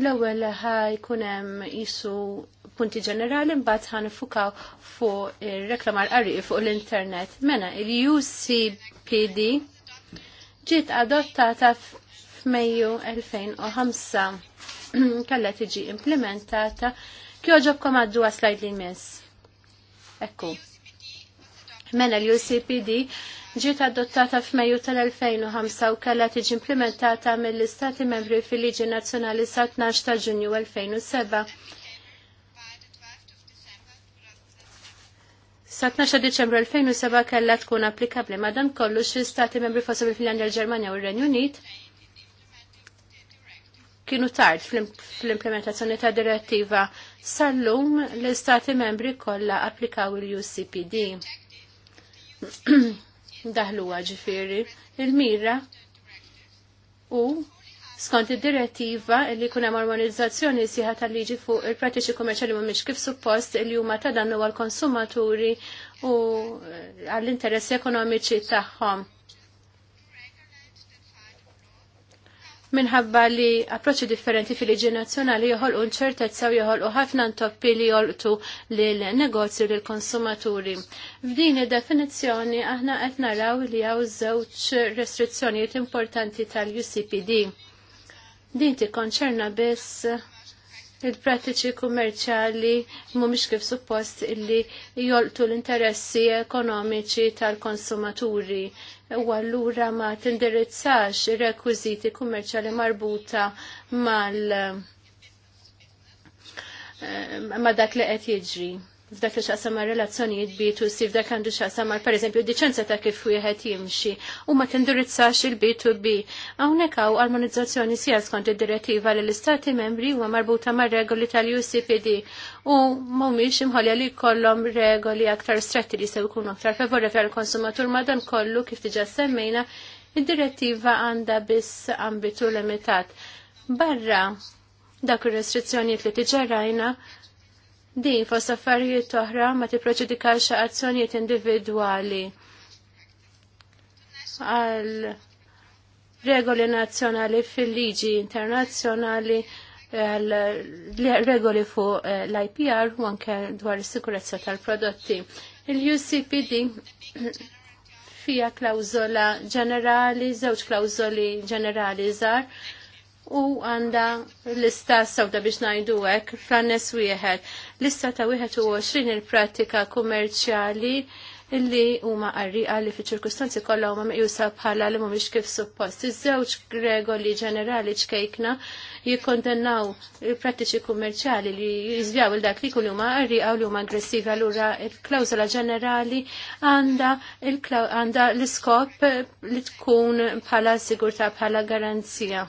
L-ewwel ħajkun hemm isu punti ġenerali mbagħad ħa nifukaw fuq ir-reklamar qari fuq l-internet. Mena il-UCPD ġiet adottata f'Mejju 2005 kellha tiġi implementata kjoġobkom għaddu għaslajd li miss. Ekku. Mena l-UCPD ġiet adottata f'Mejju tal-2005 u kellha tiġi implementata mill-Istati Membri fil-Liġi Nazzjonali sa 12 ta' Ġunju 2007. Sa 12 Deċembru 2007 kellha tkun applikabbli madan kollu xi stati membri fosu fil-Finlandja, l-Ġermanja u r-Renju Unit kienu tard fl-implementazzjoni ta' direttiva sal-lum l-istati membri kollha applikaw il-UCPD. daħluwa ġifiri il-mira u skont id-direttiva li kuna hemm armonizzazzjoni sieħa tal-liġi fuq il-pratiċi kummerċjali mhumiex kif suppost li huma ta' dannu għall-konsumaturi u għall-interessi ekonomiċi tagħhom. minħabba li approċċi differenti fil-liġi nazzjonali joħolqu ċertezza u joħolqu ħafna ntoppi li jolqtu l negozju l konsumaturi. F'din id-definizzjoni aħna qed naraw li hawn żewġ restrizzjonijiet importanti tal-UCPD. Din tikkonċerna biss il-prattiċi kummerċali mhumiex kif suppost illi jolqtu l-interessi ekonomiċi tal-konsumaturi u allura ma tindirizzax ir-rekwiżiti kummerċali marbuta mal eh, ma dak li qed jiġri f'dak li xaqsam ma' relazzjonijiet bitu si f'dak għandu xaqsam ma' per eżempju diċenza ta' kif wieħed jimxi u ma tindirizzax il-bitu bi. Hawnhekk hawn armonizzazzjoni sija skont id-direttiva li l-istati membri huwa marbuta ma' regoli tal-UCPD u mhumiex imħolja li jkollhom regoli aktar stretti li se jkunu aktar favorevoli għall-konsumatur madan kollu kif diġà semmejna id-direttiva għandha biss ambitu limitat. Barra dak ir-restrizzjonijiet li rajna, Din fost affarijiet oħra ma tipproġudikax azzjonijiet individwali għal regoli nazzjonali fil-liġi internazzjonali għal regoli fuq eh, l-IPR u anke dwar is-sikurezza tal-prodotti. Il-UCPD fija klawzola ġenerali, żewġ klawzoli ġenerali żgħar u għanda lista sawda biex najdu għek frannes u wieħed. Lista ta' wieħed 21 il-pratika kummerċjali illi huma qarriqa li fi ċirkustanzi kollha huma meqjusa bħala li mhumiex kif suppost. Iż-żewġ regoli ġenerali ċkejkna jikkondennaw il-prattiċi kummerċjali li jiżvjaw il dak li kull huma qarriqa li huma aggressivi allura il-klawżola ġenerali għandha għandha l-iskop li tkun bħala sigurtà bħala garanzija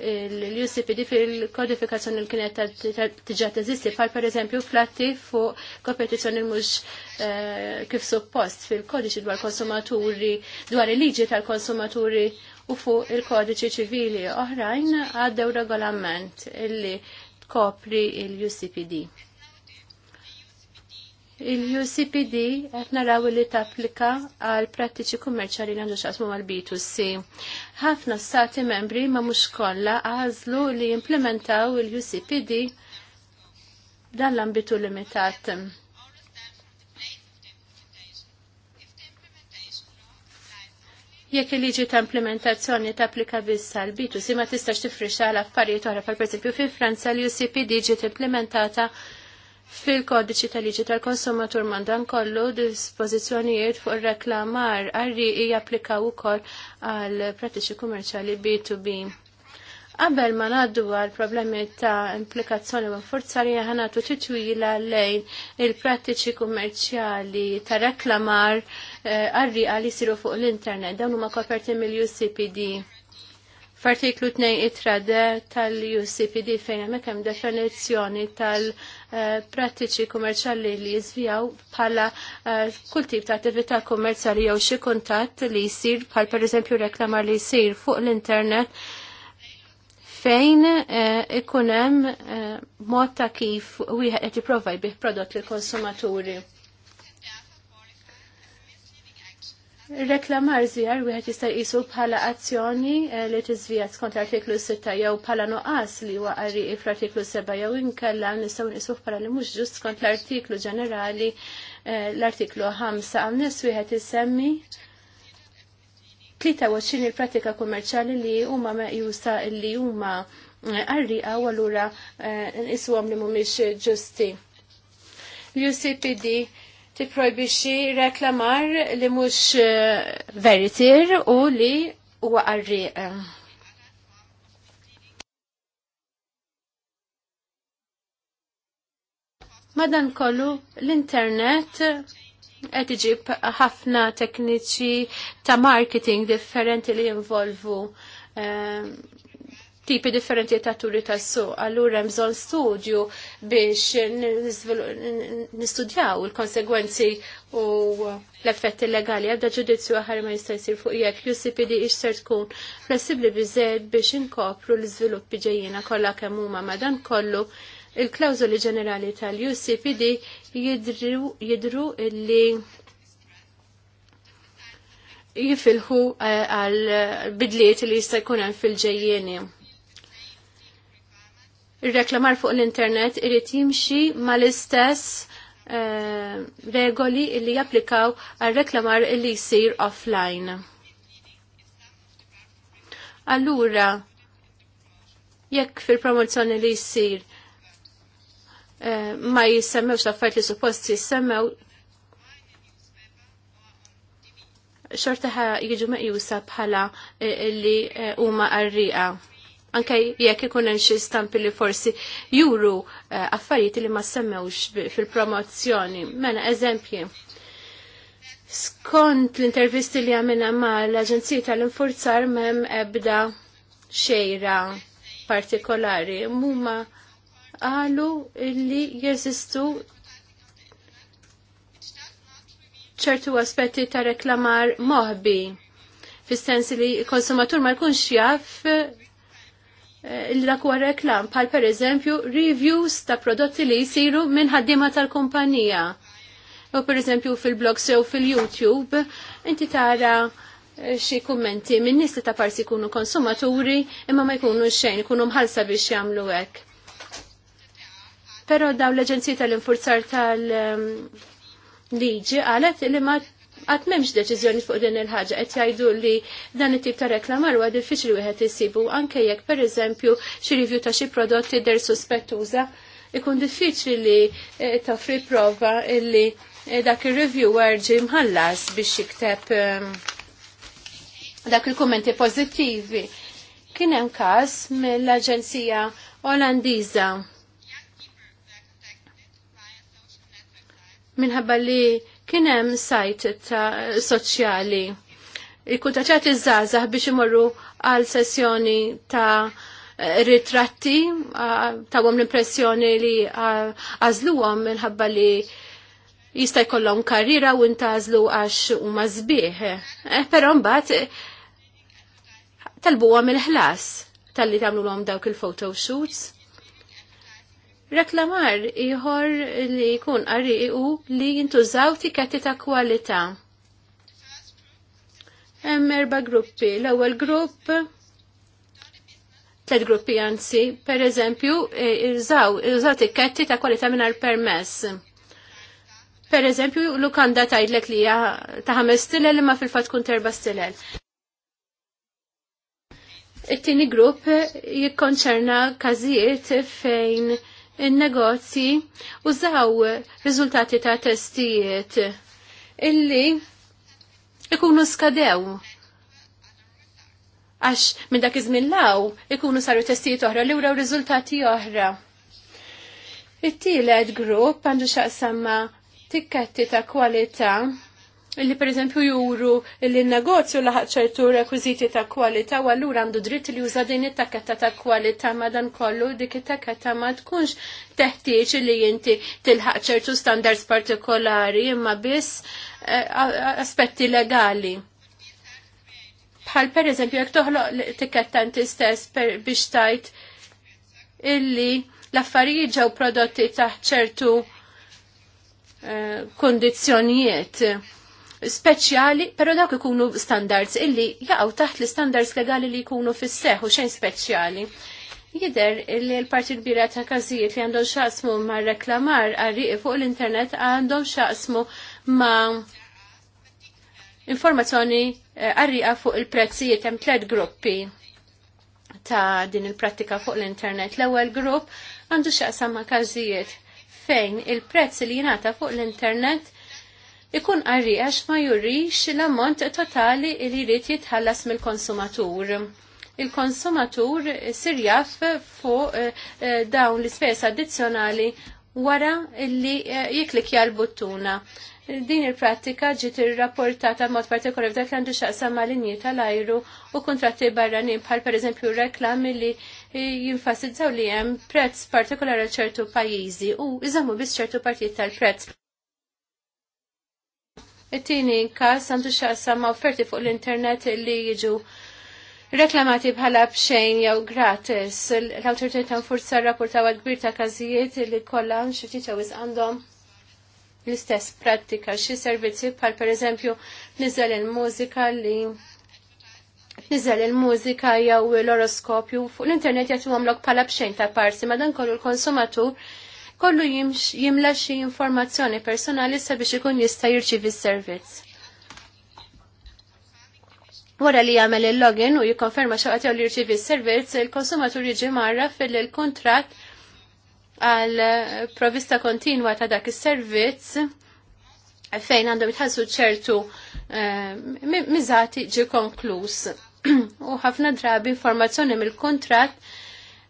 l-UCPD fil-kodifikazzjoni li kienet tiġa teżisti, bħal per eżempju flatti fuq kompetizzjoni mhux eh, kif suppost fil-kodiċi dwar konsumaturi, dwar il-liġi tal-konsumaturi u fuq il-kodiċi ċivili oħrajn għaddew regolament illi tkopri il-UCPD. Il-UCPD qed naraw li tapplika għal prattiċi kummerċali li għandu xaqsmu mal-B2C. Ħafna stati membri ma mhux kollha għażlu li jimplementaw il-UCPD dan l-ambitu limitat. jekk il-liġi ta' implementazzjoni ta' applika biss għal B2C ma tistax tifrixa għal affarijiet oħra, per eżempju fi Franza l ucpd ġiet implementata Fil-kodiċi tal-liġi tal-konsumatur mandan kollu dispożizzjonijiet fuq reklamar għarri u ukoll għal pratiċi kummerċali B2B. Qabel ma naddu għal problemi ta' implikazzjoni u forzari ħanatu titwila lejn il-prattiċi kummerċjali ta' reklamar eh, għarri għal jisiru fuq l-internet. Dawn huma koperti mill-UCPD. F'artiklu tnej itra tal-UCPD fejn hemmhekk hemm definizzjoni tal-prattiċi kummerċali li jiżvijaw bħala eh, kull tip ta' attività kummerċali jew xi kuntatt li jsir bħal pereżempju reklamar li jsir fuq l-internet fejn eh, ikun hemm eh, mod ta' kif wieħed qed jipprova jbih prodott lill konsumaturi Reklamar zjar wieħed jista' jqisu bħala azzjoni eh, li tiżvijat skont artiklu 6 jew bħala nuqqas li huwa qari fl-artiklu 7 jew inkella nistgħu nqisu bħala li mhux ġust skont l-artiklu ġenerali eh, l-artiklu 5 għamnes wieħed isemmi 23 il-pratika kummerċali li huma meqjusa li huma eh, arriqa u allura għom li mhumiex ġusti. UCPD tipprojbixxi reklamar li mhux eh, veritir u li huwa qarrieq. Madan kollu l-internet qed iġib ħafna tekniċi ta' marketing differenti li jinvolvu eh, tipi differenti ta' turi ta' su. Allura hemm bżonn studju biex nistudjaw il-konsegwenzi u l-effetti legali għabda ġudizzju aħar ma jista' jsir fuq jekk UCPD ix tkun flessibli biżejjed biex inkopru l-iżviluppi ġejjina kollha kemm huma madan kollu il-klawżoli ġenerali tal-UCPD jidru, jidru illi jifilħu għal bidliet li jista' jkun hemm fil ġejjieni Ir-reklamar fuq l-internet irid jimxi mal-istess eh, regoli li japplikaw għal reklamar li jisir offline. Allura, jekk fil-promozzjoni li jisir eh, ma jissemmew l-affarijiet li suppost jissemmew xortaħa jiġu meqjusa bħala eh, li huma għarriqa anke jekk ikun hemm xi stampi li forsi juru eh, affarijiet li ma semmewx fil-promozzjoni. Mela eżempji. Skont l-intervisti li għamilna ma l-Aġenzija tal-Infurzar m'hemm ebda xejra partikolari. Muma qalu li jeżistu ċertu aspetti ta' reklamar moħbi fis-sens li konsumatur ma jkunx jaf Eh, il-dakwa reklam, pal per eżempju reviews ta' prodotti li jisiru minn ħaddima tal-kumpanija. U per eżempju fil-blog sew fil-YouTube, inti tara eh, xie kummenti minn nis li ta' parsi kunu konsumaturi imma ma jkunu xejn, kunu mħalsa biex jamlu hekk. Pero daw l-Aġenzija tal-Infurzar tal-Liġi ehm, għalet li ma għat memx deċizjoni fuq din il-ħagġa qed jgħidu li dan it-tip ta' reklamar huwa diffiċli wieħed jisibu, anke jekk pereżempju xi rivju ta' xi prodotti der suspettuża ikun diffiċli li e, fri prova illi e, dak il-reviewer ġi mħallas biex jikteb dak il-kommenti pozittivi. Kien hemm każ mill-Aġenzija Olandiża minħabba li Kien hemm sajt ta' soċjali il-kuntaċat iż-żazah biex imorru għal sessjoni ta' ritratti ta' għom l-impressjoni li għazlu għom minħabba li jista' jkollhom karriera u intażlu għax huma żbieħ. Eh, però mbagħad eh, talbu għom il-ħlas tal-li tagħmlu għom dawk il-photoshoots. Reklamar iħor li jkun għarri u li jintużaw tiketti ta' kwalità. Hemm erba' gruppi. L-ewwel grupp tliet gruppi anzi, per eżempju, e, irżaw tiketti ta' kwalità mingħajr permess. Per eżempju, lukanda tajdlek li ta' ħames stilel imma fil-fat kun terba stilel. It-tieni grupp jikkonċerna każijiet fejn il-negozji użaw riżultati ta' testijiet illi ikunu skadew għax minn dak iżmin law ikunu saru testijiet oħra li wraw riżultati oħra. It-tielet grupp għandu xaqsamma tikketti ta' kwalità per pereżempju juru li n-negozju laħaq ċertu rekwiżiti ta' kwalità u allura għandu dritt li juża din it-taketta ta' kwalità ma dan kollu dik it-taketta ma tkunx teħtieġ li inti tilħaq ċertu standards partikolari imma biss eh, aspetti legali bħal per eżempju jek toħloq tiketta inti stess biex tajt illi l-affarijiet ġew prodotti taħt ċertu uh, speċjali, pero dawk ikunu standards illi jaqgħu taħt l-standards legali li jkunu fis-seħ u xejn speċjali. Jider li l-parti kbira ta' każijiet li għandhom xaqsmu ma' reklamar għarriq fuq l-internet għandhom xaqsmu ma' informazzjoni eh, għarriqa fuq il-prezzijiet hemm tliet gruppi ta' din il-prattika fuq l-internet. L-ewwel grupp għandu xaqsam ma' każijiet fejn il-prezz li jingħata fuq l-internet ikun għarri għax ma jurix l-ammont totali li jrid jitħallas mill-konsumatur. Il-konsumatur sir jaff fuq eh, eh, dawn l-ispesa addizzjonali wara li eh, jiklikja l-buttuna. Din il-prattika ġiet ir-rapportata mod partikolari f'dak li għandu xaqsam ma' linji tal-ajru u kontratti barranin bħal pereżempju reklami li jinfasizzaw li hemm prezz partikolari ċertu pajjiżi u iżammu biss ċertu partijiet tal-prezz. It-tieni każ għandu x'aqsam ma' offerti fuq l-internet li jiġu reklamati bħala bxejn jew gratis. L-awtorità għan forza rrapportaw kbir ta' każijiet li kollha xi ftit għandhom l-istess prattika xi servizzi bħal pereżempju niżel il-mużika li Niżel il-mużika jew l-oroskopju fuq l-internet jgħatu għamlok bħala bxejn ta' parsi madan kollu l-konsumatur kollu jimla xi informazzjoni personali sabiex ikun jista' jirċivi s-servizz. Wara li jagħmel il-login u jikkonferma xaqat jew li jirċievi s-servizz, il-konsumatur jiġi marra fil-kuntratt għal provista kontinwa ta' dak is-servizz fejn għandhom jitħassu ċertu eh, miżati ġi konkluż. U ħafna drabi informazzjoni mill-kuntratt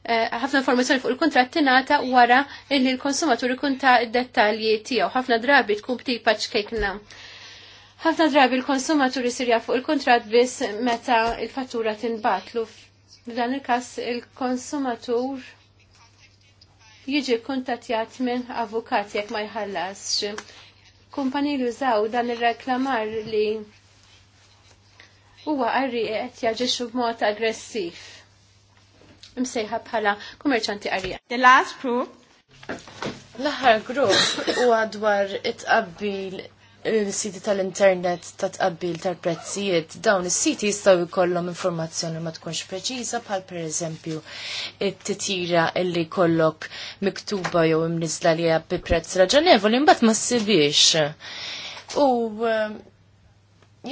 Eh, ħafna informazzjoni fuq il-kontrat tingħata wara li l-konsumatur ikun ta' id-dettalji tiegħu. Ħafna drabi tkun btik paċkejkna. Ħafna drabi l-konsumatur isirja fuq il-kontrat biss meta il-fattura tinbatlu. F'dan il-każ il-konsumatur jiġi kuntattjat minn avukat jekk ma jħallasx. Kumpani li użaw dan ir-reklamar li huwa qarri qed jaġixxu b'mod aggressiv. Msejħa bħala kummerċanti għarija. The last group. L-aħħar grupp huwa dwar it-qabbil il-siti tal-internet ta' tqabbil tal-prezzijiet, dawn is-siti jistgħu jkollhom informazzjoni ma tkunx preċiża bħal pereżempju it-titira illi jkollok miktuba jew imniżla li bi prezz raġonevoli imbagħad ma ssibiex. U eh,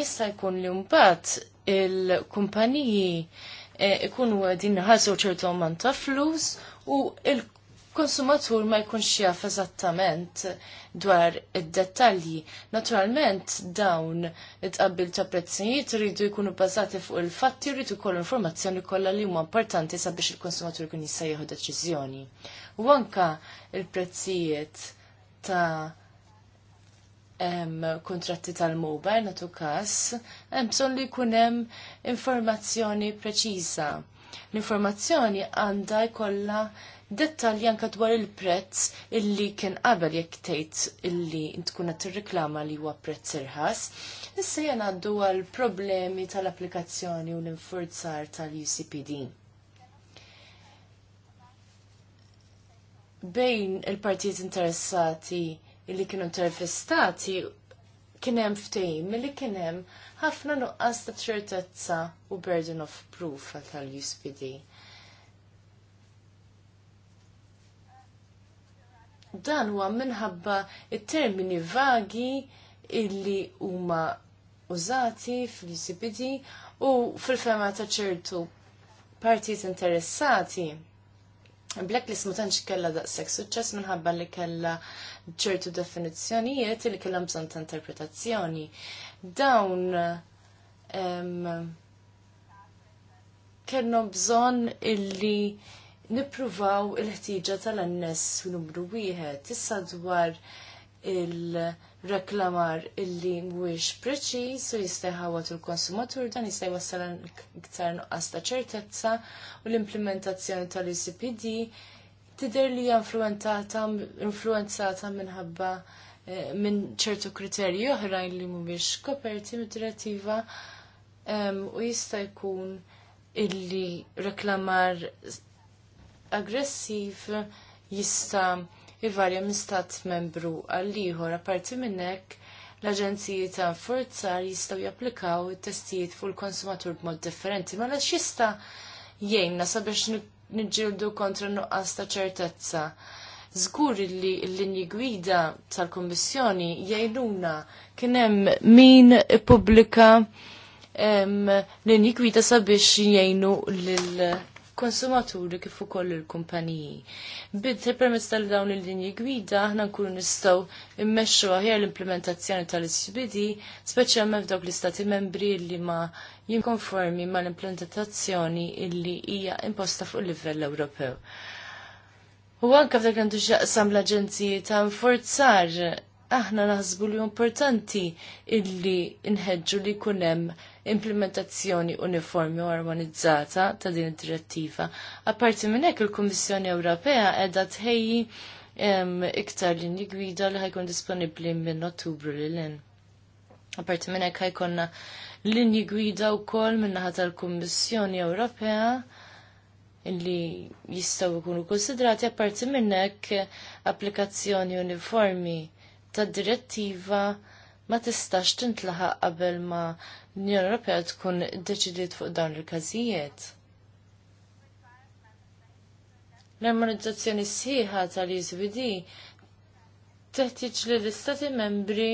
jista' jkun li mbagħad il-kumpaniji Eh, ikunu għedin ħasu ċertu għamman ta' flus u il-konsumatur ma jkunx jaf eżattament dwar id-dettalji. Naturalment dawn it-qabbil ta' prezzijiet rridu jkunu bazati fuq il-fatti rridu kollu informazzjoni kollha li huma importanti sabiex il-konsumatur jkun jista' jieħu deċiżjoni. U anka il-prezzijiet ta' kontratti tal-mobile, natu kas, bżon li kunem informazzjoni preċiża. L-informazzjoni għanda jkollha dettalji anka dwar il-prezz illi kien qabel jekk tgħid illi tkun qed tirriklama li huwa prezz irħas. Issa jien għaddu għal problemi tal-applikazzjoni u l-infurzar tal-UCPD. Bejn il-partijiet interessati illi kienu intervistati kien hemm ftehim milli kien hemm ħafna nuqqas ta' ċertezza u burden of proof tal-USPD. Dan huwa minħabba it-termini vagi illi huma użati fil-UCPD u fil-fema ta' ċertu partijiet interessati. Blacklist ma tantx kellha daqshekk suċċess minħabba li kellha ċertu definizzjonijiet li kellhom bżonn ta' interpretazzjoni. Dawn kellhom bżonn illi nippruvaw il ħtieġa tal-annes numru wieħed issa dwar il- reklamar illi mhuwiex preċiż u jista' ħawat il-konsumatur dan jista' jwassal iktar nuqqas ta' ċertezza u l-implementazzjoni tal-ICPD tidher li hija influenzata minħabba eh, minn ċertu kriterji oħrajn li mhumiex koperti mid-direttiva u jista' jkun illi reklamar aggressiv jista' ivarja minn stat membru għall ieħor apparti minn hekk l-aġenziji ta' forzar jistgħu japplikaw it-testijiet fuq il-konsumatur b'mod differenti. Mela x'jista' jgħinna sabiex niġġieldu kontra nuqqas ta' ċertezza. Zgur li l-linji gwida tal-Kummissjoni jgħinuna kien hemm min ippubblika linji gwida sabiex jgħinu lil konsumaturi kif ukoll il-kumpaniji. Bid permezz tal-dawn il-linji gwida aħna nkunu nistgħu immexxu aħjar l-implementazzjoni tal-SBD, speċjalment f'dawk l-istati membri li ma jinkonformi ma l-implementazzjoni illi hija imposta fuq livell Ewropew. U anke f'dak għandu xaqsam l-Aġenziji ta' Forzar aħna naħsbu li importanti illi nħedġu li kunem implementazzjoni uniformi u armonizzata ta' din id-direttiva. Apparti minn hekk il-Kummissjoni Ewropea qiegħda tħejji iktar linji gwida li ħajkun disponibbli minn Ottubru lil hinn. Apparti minn hekk ħajkonna linji gwida wkoll min-naħa tal-Kummissjoni Ewropea illi jistgħu jkunu konsidrati apparti minn hekk applikazzjoni uniformi tad direttiva ma tistax tintlaħaq qabel ma l-Unjoni Ewropea tkun deċidiet fuq dawn il-każijiet. L-armonizzazzjoni sħiħa tal-USBD teħtieġ li l-Istati membri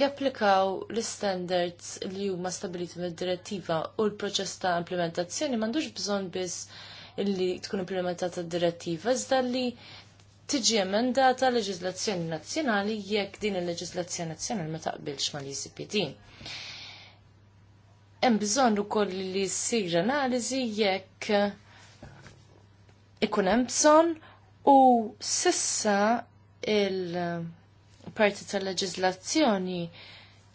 japplikaw l-standards li huma stabiliti mid-direttiva u l-proċess ta' implementazzjoni m'għandux bżonn biss illi tkun implementata d-direttiva, iżda li tiġi emendata leġislazzjoni nazzjonali jekk din il leġislazzjoni nazzjonali ma taqbilx mal-ICPD. Hemm bżonn ukoll li jsir analiżi jekk ikun hemm bżonn u sissa il-parti tal-leġiżlazzjoni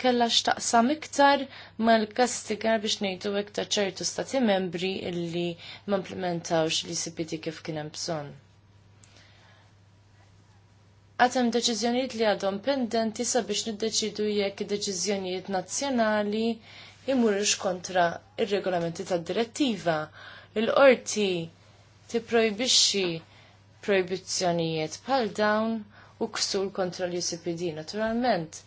kella xtaqsam iktar mal-kastigar biex nejdu iktar ċertu stati membri illi ma implementawx li sibiti kif kien hemm bżonn għatem deċizjoniet li għadhom pendenti sabiex niddeċidu jekk deċizjoniet nazzjonali imurux kontra ir-regolamenti tad-direttiva. Il-qorti tipprojbixxi projbizzjonijiet bħal dawn u ksur kontra l-UCPD naturalment.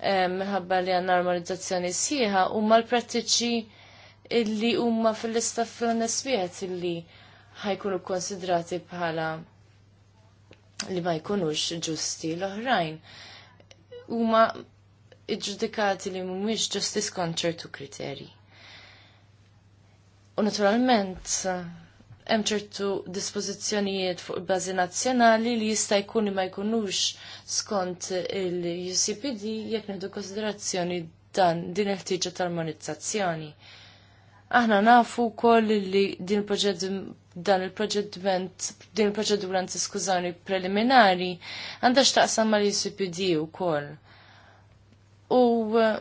Eh, minħabba li għan normalizzazzjoni sħiħa u mal-prattiċi illi huma fil-lista fil nesbiħet illi ħajkunu konsidrati bħala li ma jkunux ġusti l-oħrajn huma iġġudikati li mhumiex ġusti skont ċertu kriterji. U naturalment hemm ċertu dispożizzjonijiet fuq bażi nazzjonali li jista' jkun ma jkunux skont il-UCPD jekk neħdu konsiderazzjoni dan din il-ħtiġa tal-monetizzazzjoni. Aħna nafu wkoll li din il-proġett dan il-proġediment, din il-proċedura skużani preliminari, għandha x'taqsam mal icpd e wkoll. U uh,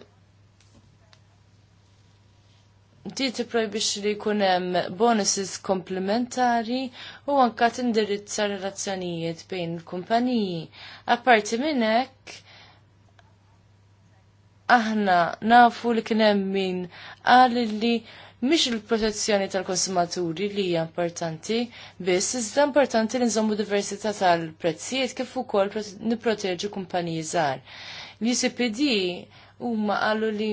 ti projbix li jkun hemm bonuses komplementari u anka tindirizza relazzjonijiet bejn il-kumpaniji. Apparti minn hekk, aħna nafu li kien hemm min qal li mhix il-protezzjoni tal-konsumaturi li hija importanti biss, iżda importanti li nżommu diversità tal-prezzijiet kif ukoll nipproteġu kumpaniji żgħar. L-UCPD huma qalu li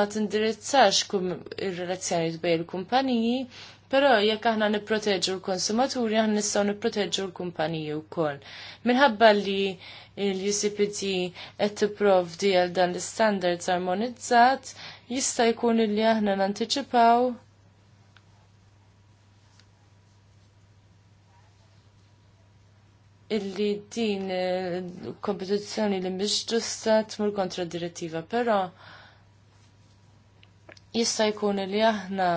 ma tindirizzax ir-relazzjonijiet bejn il-kumpaniji Però jekk aħna nipproteġu l-konsumaturi, aħna nistgħu nipproteġu l-kumpaniji wkoll. Minħabba li l-UCPT qed tipprovdi għal dan l-standards armonizzat, jista' jkun li aħna nanticipaw illi din eh, kompetizzjoni li mhix ġusta tmur kontra direttiva, però jista' jkun li aħna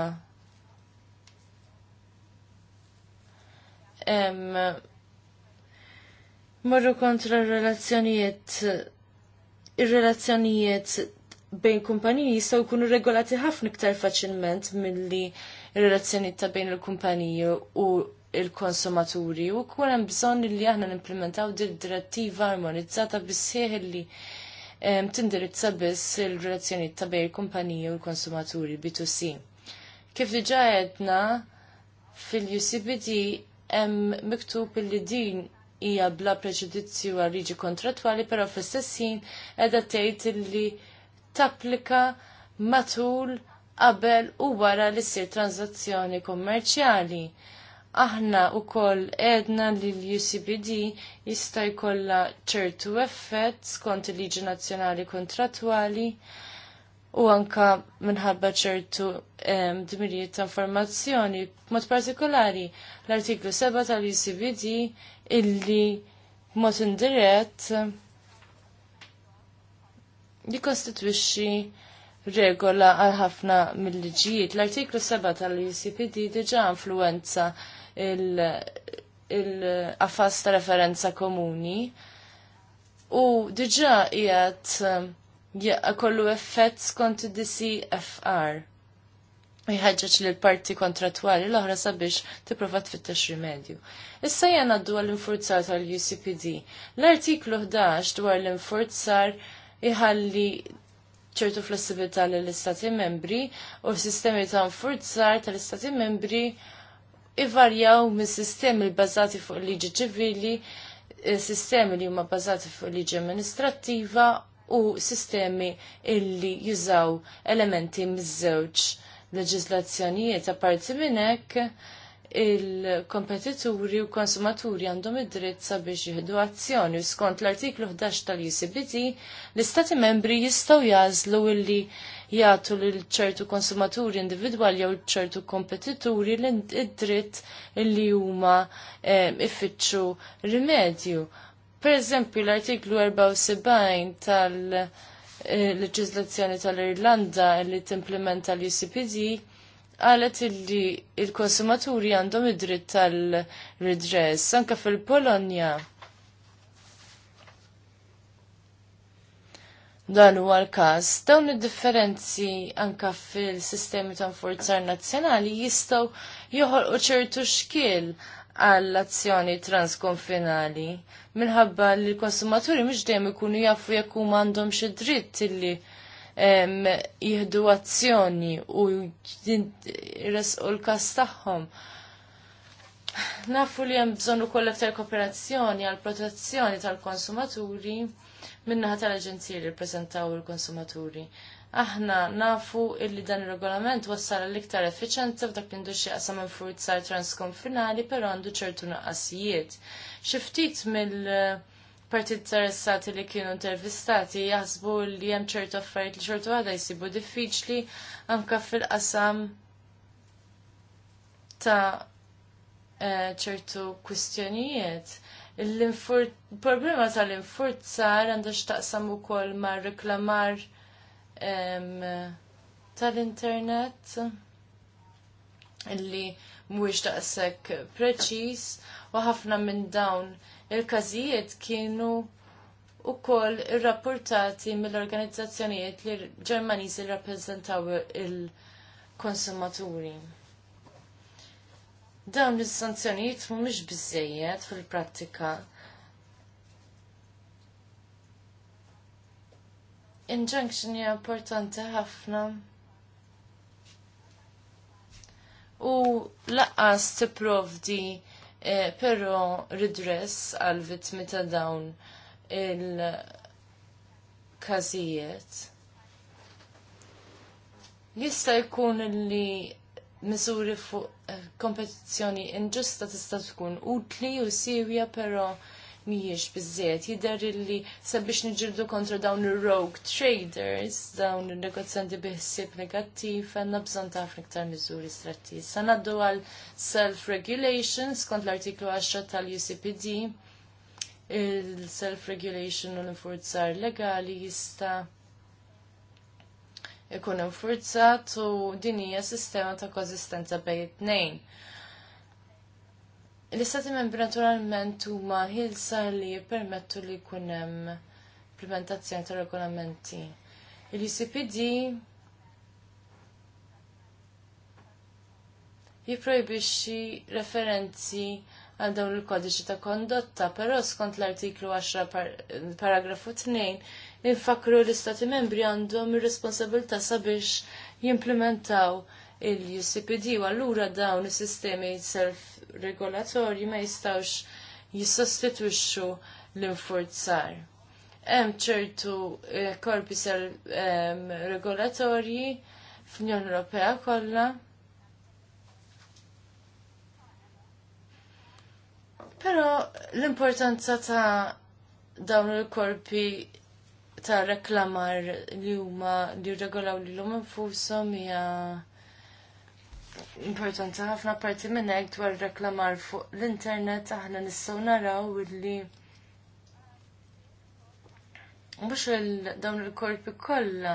morru kontra relazzjonijiet ir-relazzjonijiet bejn kumpaniji jistaw jkunu regolati ħafna iktar faċilment milli ir-relazzjonijiet ta' bejn il-kumpaniji u il-konsumaturi u kun hemm bżonn li aħna nimplementaw din direttiva armonizzata bissieħ li tindirizza biss il-relazzjonijiet ta' bejn il-kumpaniji u l-konsumaturi B2C. Kif diġa għedna fil-UCBD hemm miktub li din hija bla preġudizzju għal liġi kontrattwali, però fl-istess ħin qiegħda tgħid li tapplika matul qabel u wara li ssir tranzazzjoni kommerċjali. Aħna u koll edna li l-UCBD jista' jkollha ċertu effett skont il-Liġi Nazzjonali Kontrattwali u anka minħabba ċertu dmirijiet ta' informazzjoni, mod partikolari l-artiklu 7 tal-UCBD illi mod indirett jikostitwixxi regola għal ħafna mill-liġijiet. L-artiklu 7 tal-UCPD diġa influenza il-affas il ta' referenza komuni u diġa jgħat kollu effett skont DCFR. Jħagġaċ li l-parti kontratwali l-oħra sabiex t tfittex rimedju. Issa jena għaddu għall-infurzar tal-UCPD. L-artiklu 11 dwar l-infurzar iħalli ċertu flessibilità l-istati membri u sistemi ta' infurzar tal-istati membri ivarjaw minn sistemi l l-bazati fuq liġi ċivili, eh, sistemi li huma bbażati fuq liġi amministrattiva u sistemi illi jużaw elementi miż-żewġ leġislazzjonijiet apparti minn hekk il-kompetituri u konsumaturi għandhom id-dritt sabiex jihdu azzjoni. Skont l-artiklu 11 tal-UCBT, l-istati membri jistaw jazlu illi jgħatu l ċertu konsumaturi individwali jew ċertu kompetituri l-dritt illi huma eh, iffittxu rimedju. Per eżempju, l-artiklu 74 tal-leġizlazzjoni tal-Irlanda li timplementa l-UCPD għalet illi il-konsumaturi għandhom id-dritt tal-redress anka fil-Polonja. Dan huwa l-każ. Dawn id-differenzi anka fil-sistemi ta' forzar nazzjonali jistgħu joħolqu ċertu xkiel għall-azzjoni transkonfinali minħabba li l-konsumaturi mhux dejjem ikunu jafu jekk huma għandhom xi dritt illi jieħdu azzjoni u jresqu l-każ tagħhom. Nafu li hemm bżonn ukoll aktar kooperazzjoni għall protezzjoni tal-konsumaturi minnaħa tal-aġenziji li rappreżentaw il-konsumaturi aħna nafu illi dan il-regolament wassal l-iktar effiċenza f'dak li il xieqsam infurzar transkonfinali pero għandu ċertu naqqasijiet. Xiftit mill-partit interessati li kienu intervistati jaħsbu li hemm ċertu affarijiet li ċertu għada jsibu diffiċli anka fil-qasam ta' eh, ċertu kwistjonijiet il problema tal-infurzar għandu xtaqsam ukoll ma' reklamar tal-internet illi mhuwiex daqshekk preċiż u ħafna minn dawn il-każijiet kienu wkoll rapportati mill-organizzazzjonijiet li Ġermaniżi rappreżentaw il-konsumaturi. Dawn is-sanzjonijiet mhumiex biżejjed fil-prattika injunction hija importanti ħafna. U laqqas tipprovdi eh, però redress għal vittmi ta' dawn il-każijiet. Jista' jkun li miżuri fuq eh, kompetizzjoni inġusta tista' tkun utli u sirja però mhijiex biżżejjed. Jidher illi sabiex niġirdu kontra dawn il rogue traders, dawn il negozjanti biħsieb negattiv, għanna bżonn ta' iktar miżuri stretti. Sa ngħaddu għal self-regulation skont l-artiklu 10 tal-UCPD il-self-regulation u l-infurzar legali jista' ikun infurzat u din hija sistema ta' konsistenza bejn it-tnejn. L-istati membri naturalment huma ħilsa li jippermettu li jkun hemm implementazzjoni ta' regolamenti. Il-UCPD jipprojbixxi referenzi għal dawn il-kodiċi ta' kondotta, però skont l-artiklu 10 paragrafu 2 infakru l-istati membri għandhom ir responsabilta sabiex jimplementaw il-UCPD u allura dawn is-sistemi self-regolatorji ma jistawx jissostitwixxu l-infurzar. Hemm ċertu eh, korpi ehm, regolatorji fl-Unjoni Ewropea kollha. Però l-importanza ta' dawn il-korpi ta' reklamar li huma li regolaw lilhom infushom hija importanti ħafna parti minn hekk dwar reklamar fuq l-internet aħna nistgħu naraw illi mhux il dawn il-korpi kollha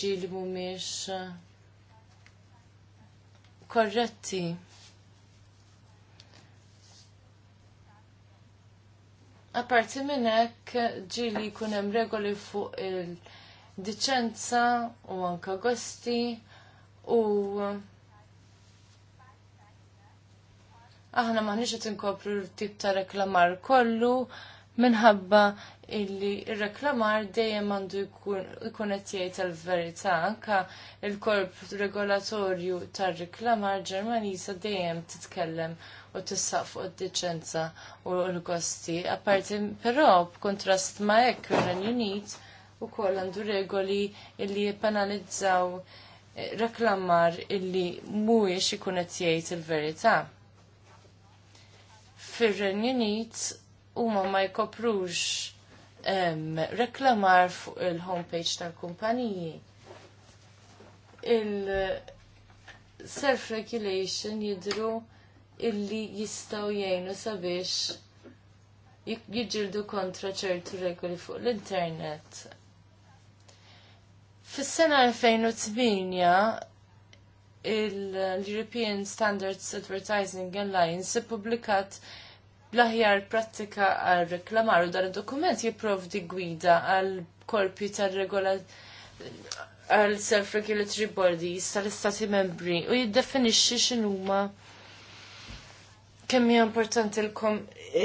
ġieli li mhumiex eh, korretti. Apparti minn hekk ġieli jkun hemm regoli fuq il-diċenza u anke gosti u aħna maħniġ qed inkopru tip ta' reklamar kollu minħabba illi r reklamar dejjem għandu jkun qed jgħid il-verità anke il-korp regolatorju tar-reklamar Ġermaniża dejjem titkellem u tissaq fuq id diċenza u l-kosti. Apparti, però b'kontrast ma hekk ir-Renju Unit ukoll għandu regoli illi jippenalizzaw eh, reklamar illi mhuwiex ikun qed jgħid il-verità fir-Renju Unit huma ma jkoprux reklamar fuq il-homepage tal-kumpaniji. Il-self-regulation jidru illi jistaw jgħinu sabiex jiġildu kontra ċertu regoli fuq l-internet. Fis-sena 2008 l-European Standards Advertising Alliance ippubblikat l-aħjar prattika għal reklamar u dan id-dokument jipprovdi gwida għal korpi tal-regola għal self-regulatory bodies tal-istati membri u jiddefinixxi x'inhuma kemm hija importanti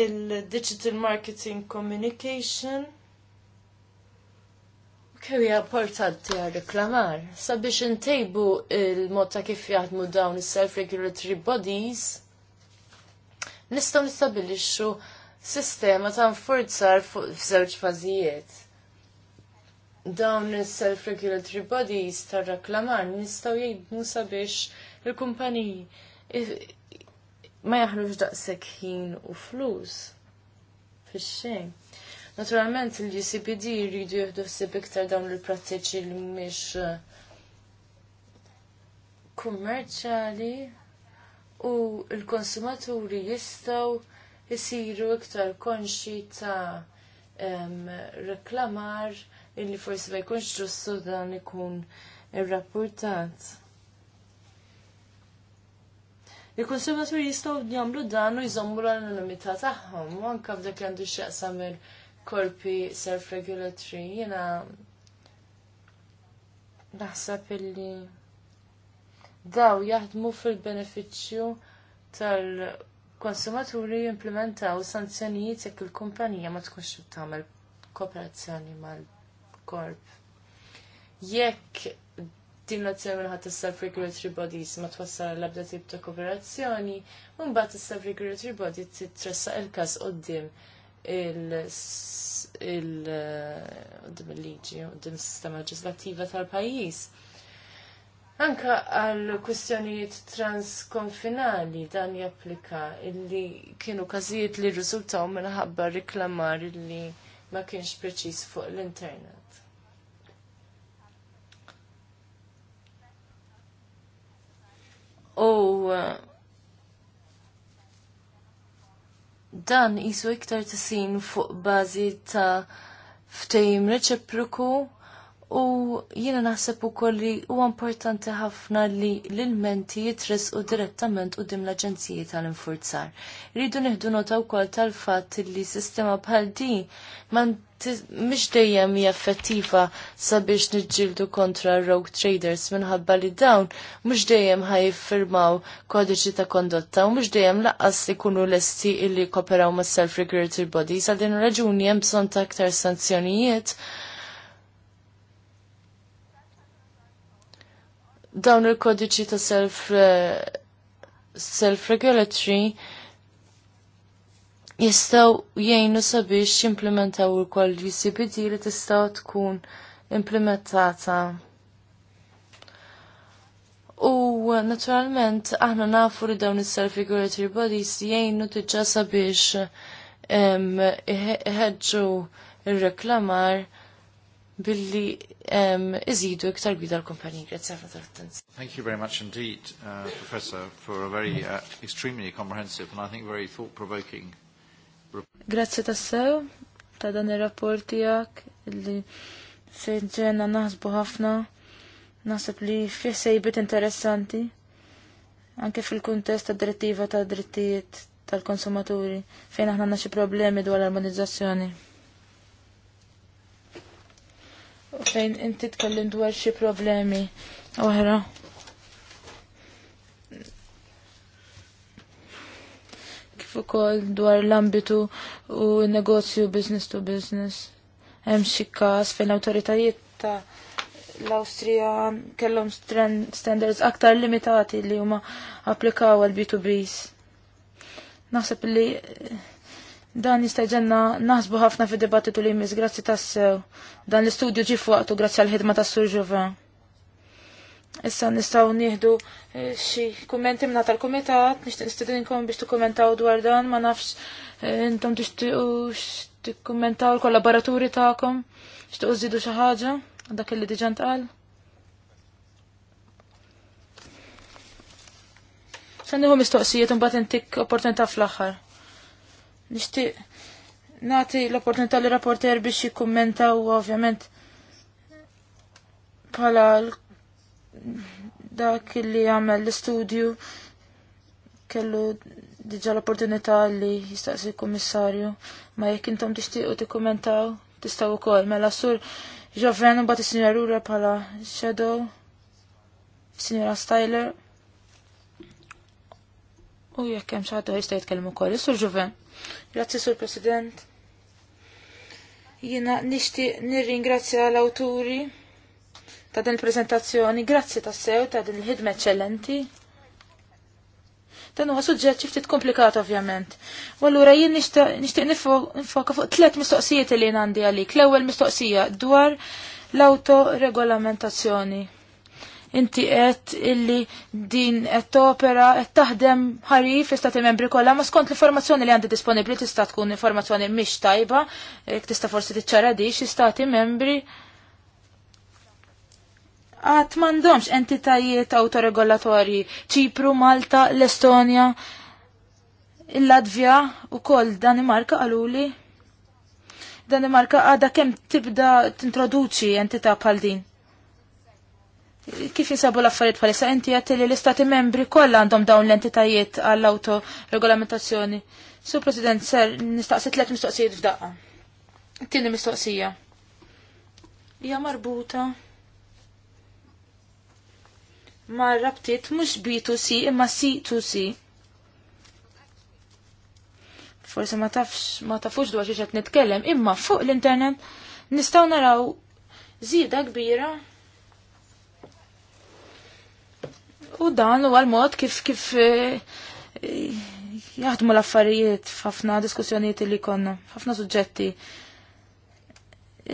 il-digital marketing communication hija importanti għal reklamar sabiex intejbu il-mod ta' kif jaħdmu dawn is-self-regulatory bodies nistgħu nistabilixxu sistema ta' nfurzar f'żewġ fażijiet. Dawn is-self-regulatory bodies tar-reklamar nistgħu jgħidu sabiex il-kumpaniji ma jaħruġ daqshekk ħin u flus fix-xejn. Naturalment il-UCPD jridu jieħdu ħsieb iktar dawn il-prattiċi li mhumiex eh, kummerċjali u l-konsumaturi jistaw jisiru iktar konxi ta' reklamar illi forsi ma jkunx ġustu dan ikun rapportat. Il-konsumaturi jistgħu jagħmlu dan u jżommu l-anonimità tagħhom, u anke f'dak li għandu x'jaqsam il-korpi self-regulatory jiena naħseb illi daw jaħdmu fil-benefiċċju tal-konsumaturi jimplementaw sanzjonijiet jekk il-kumpanija ma tkunx tagħmel kooperazzjoni mal-korp. Jekk din l-azzjoni minħat is-self regulatory bodies ma twassal l-ebda tip ta' kooperazzjoni, mbagħad is-self regulatory body titressaq il-każ qudiem il-qudiem il-liġi, qudiem sistema legislativa tal-pajjiż. Anka għal kwistjonijiet transkonfinali dan japplika illi kienu każijiet li rriżultaw minħabba riklamar illi ma kienx preċiż fuq l-internet. U uh, dan jisu iktar tisin fuq bażi ta' ftejim reċiproku U jiena naħseb ukoll li huwa importanti ħafna li l-ilmenti jitresqu direttament quddiem l-Aġenziji tal-Infurzar. Ridu neħdu nota wkoll tal-fatt li sistema bħal din mhix dejjem hija effettiva sabiex niġġieldu kontra rogue traders minħabba li dawn mhux dejjem ħajfirmaw kodiċi ta' kondotta u mhux dejjem laqqas ikunu lesti illi koperaw mas self-regulatory bodies għal din raġuni hemm bżonn ta' aktar sanzjonijiet dawn il-kodiċi ta' self eh, self-regulatory jistaw jgħinu sabiex jimplementaw u l-UCPD li tistaw tkun implementata. U naturalment aħna nafu li dawn is-self-regulatory bodies jgħinu diġà sabiex iħedġu il reklamar billi iżidu iktar bida l kumpanija Grazie għafna tal-attenzjoni. Thank you very much indeed, uh, Professor, for a very uh, extremely comprehensive and I think very thought-provoking Grazie tassew ta' dan il-rapport tijak li seġġena naħsbu ħafna naħseb li fih interessanti anke fil-kuntest ta' direttiva ta' drittijiet tal-konsumaturi fejn aħna xi problemi dwar l-armonizzazzjoni. fejn inti tkellim dwar xi problemi oħra. Kif ukoll dwar l-ambitu u negozju business to business. Hemm xi każ fejn l-awtoritajiet ta' l-Awstrija kellhom standards aktar limitati li huma applikaw għal B2Bs. Naħseb li Dan jistajġenna naħsbu ħafna fi dibattitu li jmiss, grazzi tassew. Dan l-istudju ġif waqtu grazzi għal-ħidma tas sur ġuva. Issa nistaw nieħdu eh, xi kummenti minna tal-kumitat, nixtieq nistidinkom biex tikkumentaw dwar dan, ma nafx eh, intom tixtiequx tikkummentaw l-kollaboraturi tagħkom, xtiequ żidu xi ħaġa, dak li diġà ntqal. Sanniħu mistoqsijiet un intik opportunità fl-axar. Nishtiq nati l-opportunità li rapporter biex jikkommenta u ovvjament bħala dak li għamel l-istudju kellu diġa l-opportunità li jistaqsi l-kummissarju ma jekk intom tixtiequ tistaw u kol mela sur ġovenu u bat is-sinjora pala bħala Shadow, sinjora Styler u jekk hemm xi ħadd jista' jitkellem ukoll. Sur Joven. Grazzi sur President. Jiena nishti nirringrazzja l-awturi ta' din il-prezentazzjoni, grazzi ta' sew ta' din il-ħidma eccellenti. Dan huwa suġġett xi ftit komplikat ovvjament. U allura jien nixtieq nifoka fuq tliet mistoqsijiet li jien għandi għalik. L-ewwel mistoqsija dwar l-autoregolamentazzjoni inti qed illi din qed topera qed taħdem ħarif istati membri kollha ma skont l-informazzjoni li għandi disponibbli tista' tkun informazzjoni mhix tajba, jekk tista' forsi tiċċara di xi membri għat mandomx entitajiet autoregolatori ċipru, Malta, l-Estonja, il-Latvja u kol Danimarka għaluli. Danimarka għada kem tibda t-introduċi entita bħal din kif jinsabu l-affarijiet bħalissa inti għatti li l-istati membri kollha għandhom dawn l-entitajiet għall-autoregolamentazzjoni. Su President, ser nistaqsi tliet mistoqsijiet f'daqqa. Tini mistoqsija. Hija marbuta ma' rabtiet mhux B2C imma C2C. Forse ma tafx ma tafux dwar xi qed nitkellem, imma fuq l-internet nistgħu naraw zida kbira U dan huwa l-mod kif kif eh, jaħdmu l-affarijiet f'ħafna diskussjonijiet li konna, f'ħafna suġġetti.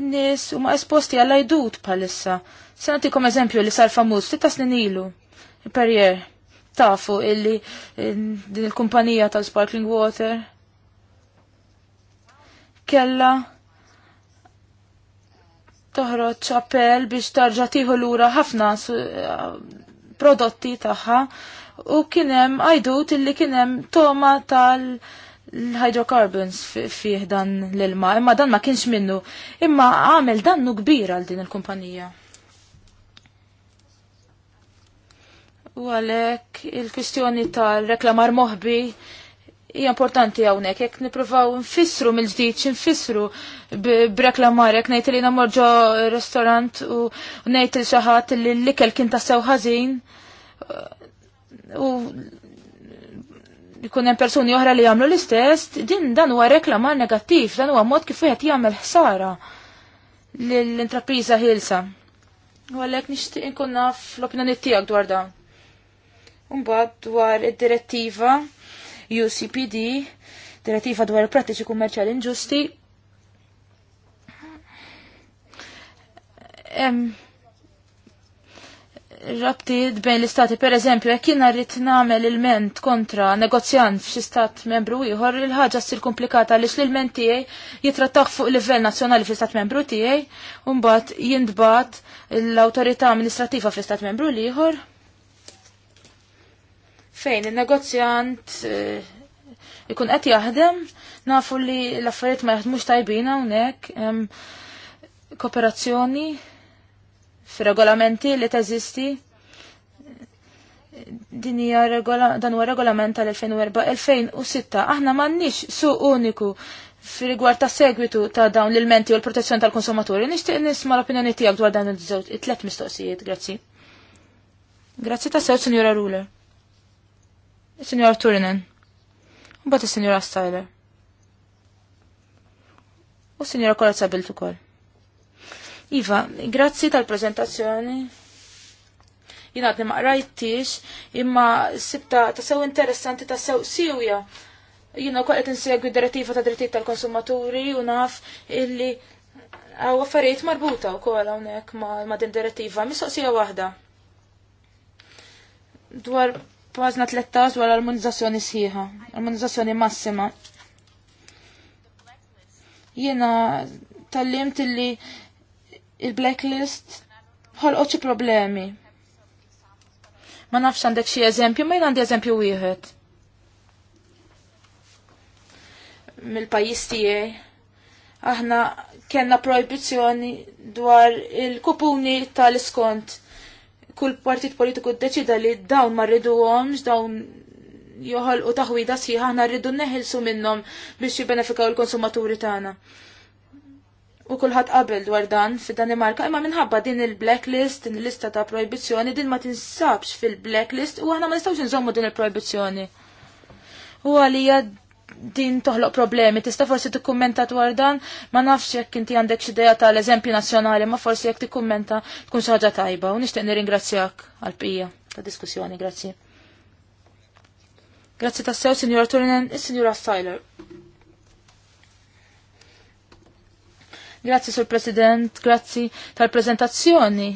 In-nies huma esposti għal ajdut bħalissa. Se nagħtikom eżempju li sar famuż ftit snin ilu. Perrier tafu illi eh, din il-kumpanija tal-sparkling water kella toħroġ appell biex tarġa l lura ħafna prodotti tagħha u kien hemm għajdut illi kien hemm toma tal- l-hydrocarbons fih dan l-ilma, imma dan ma kienx minnu, imma għamel dannu kbir għal din il-kumpanija. U għalek il-kwistjoni tal-reklamar moħbi hija importanti hawnhekk jekk nippruvaw nfissru mill-ġdid x'infissru b'reklamar jekk ngħid li namorġo restorant u ngħid il xi ħadd li l-ikel kien tassew ħażin u jkun hemm persuni oħra li jagħmlu l-istess, din dan huwa reklamar negattiv, dan huwa mod kif wieħed jagħmel ħsara l-intrapriża ħilsa. U għalhekk nixtieq inkun naf l-opinjoni tiegħek dwar dan. Mbagħad dwar id-direttiva UCPD, direttiva dwar il-prattiċi kummerċjali inġusti. Rabtiet bejn l-istati, per eżempju, jekk jina rrit nagħmel il-ment kontra negozjant f'xi stat membru ieħor, il-ħaġa ssir komplikata għaliex l-ment tiegħi jitrattaħ fuq livell nazzjonali fl-istat membru tiegħi, u mbagħad jintbagħat l-awtorità Amministrativa fl-istat membru l ieħor fejn il-negozjant eh, ikun qed jaħdem, nafu li l-affarijiet ma jaħdmux tajbin hawnhekk, kooperazzjoni fir-regolamenti li teżisti. Din hija dan huwa regolament tal-2004-2006. Aħna m'għandniex suq uniku firigward rigward ta' segwitu ta' dawn l-ilmenti u l-protezzjoni tal-konsumaturi. Nixtieq nisma' l-opinjoni tiegħek dwar dan il-tlet mistoqsijiet, grazzi. Grazzi ta' sew, sinjura Ruler. Signor Turinen. U bat il-Signora Styler. U Signora Korazza Biltu kol. Iva, grazzi tal-prezentazzjoni. Jina għadni ma rajtix, imma sibta ta' sew interessanti ta' sew siwja. Jina kol qed insegwi direttiva ta' drittijiet tal-konsumaturi u naf illi għaw affarijiet marbuta u kol hawnhekk ma' din direttiva. Mistoqsija waħda dwar Pażna tlettaż wara l-armonizzazzjoni sħiħa, armonizzazzjoni massima. Jiena tal-limt illi il-blacklist oċi problemi. Ma nafx għandek xie eżempju, ma jien għandi eżempju wieħed. Mill-pajis tiegħi aħna kellna proibizzjoni dwar il-kupuni tal-iskont kull partit politiku ddeċida li dawn ma rriduhomx dawn joħolqu taħwida sħiħa aħna rridu neħilsu minnhom biex jibbenefikaw il-konsumaturi tagħna. U kulħadd qabel dwar dan fid-Danimarka imma minħabba din il-blacklist, din il-lista ta' proibizzjoni, din ma tinsabx fil-blacklist u aħna ma nistgħux nżommu din il-proibizzjoni. U għalija din toħloq problemi. Tista' forsi tikkummenta dwar dan, ma nafx jekk inti għandek xi idea tal-eżempju nazzjonali, ma forsi jekk tikkummenta tkun xi ħaġa tajba u nixtieq nirringrazzjak għall-bqija ta' diskussjoni, grazzi. Grazzi tassew, Sinjora Turinen, is-Sinjora e Styler. Grazzi, Sur President, grazzi tal-prezentazzjoni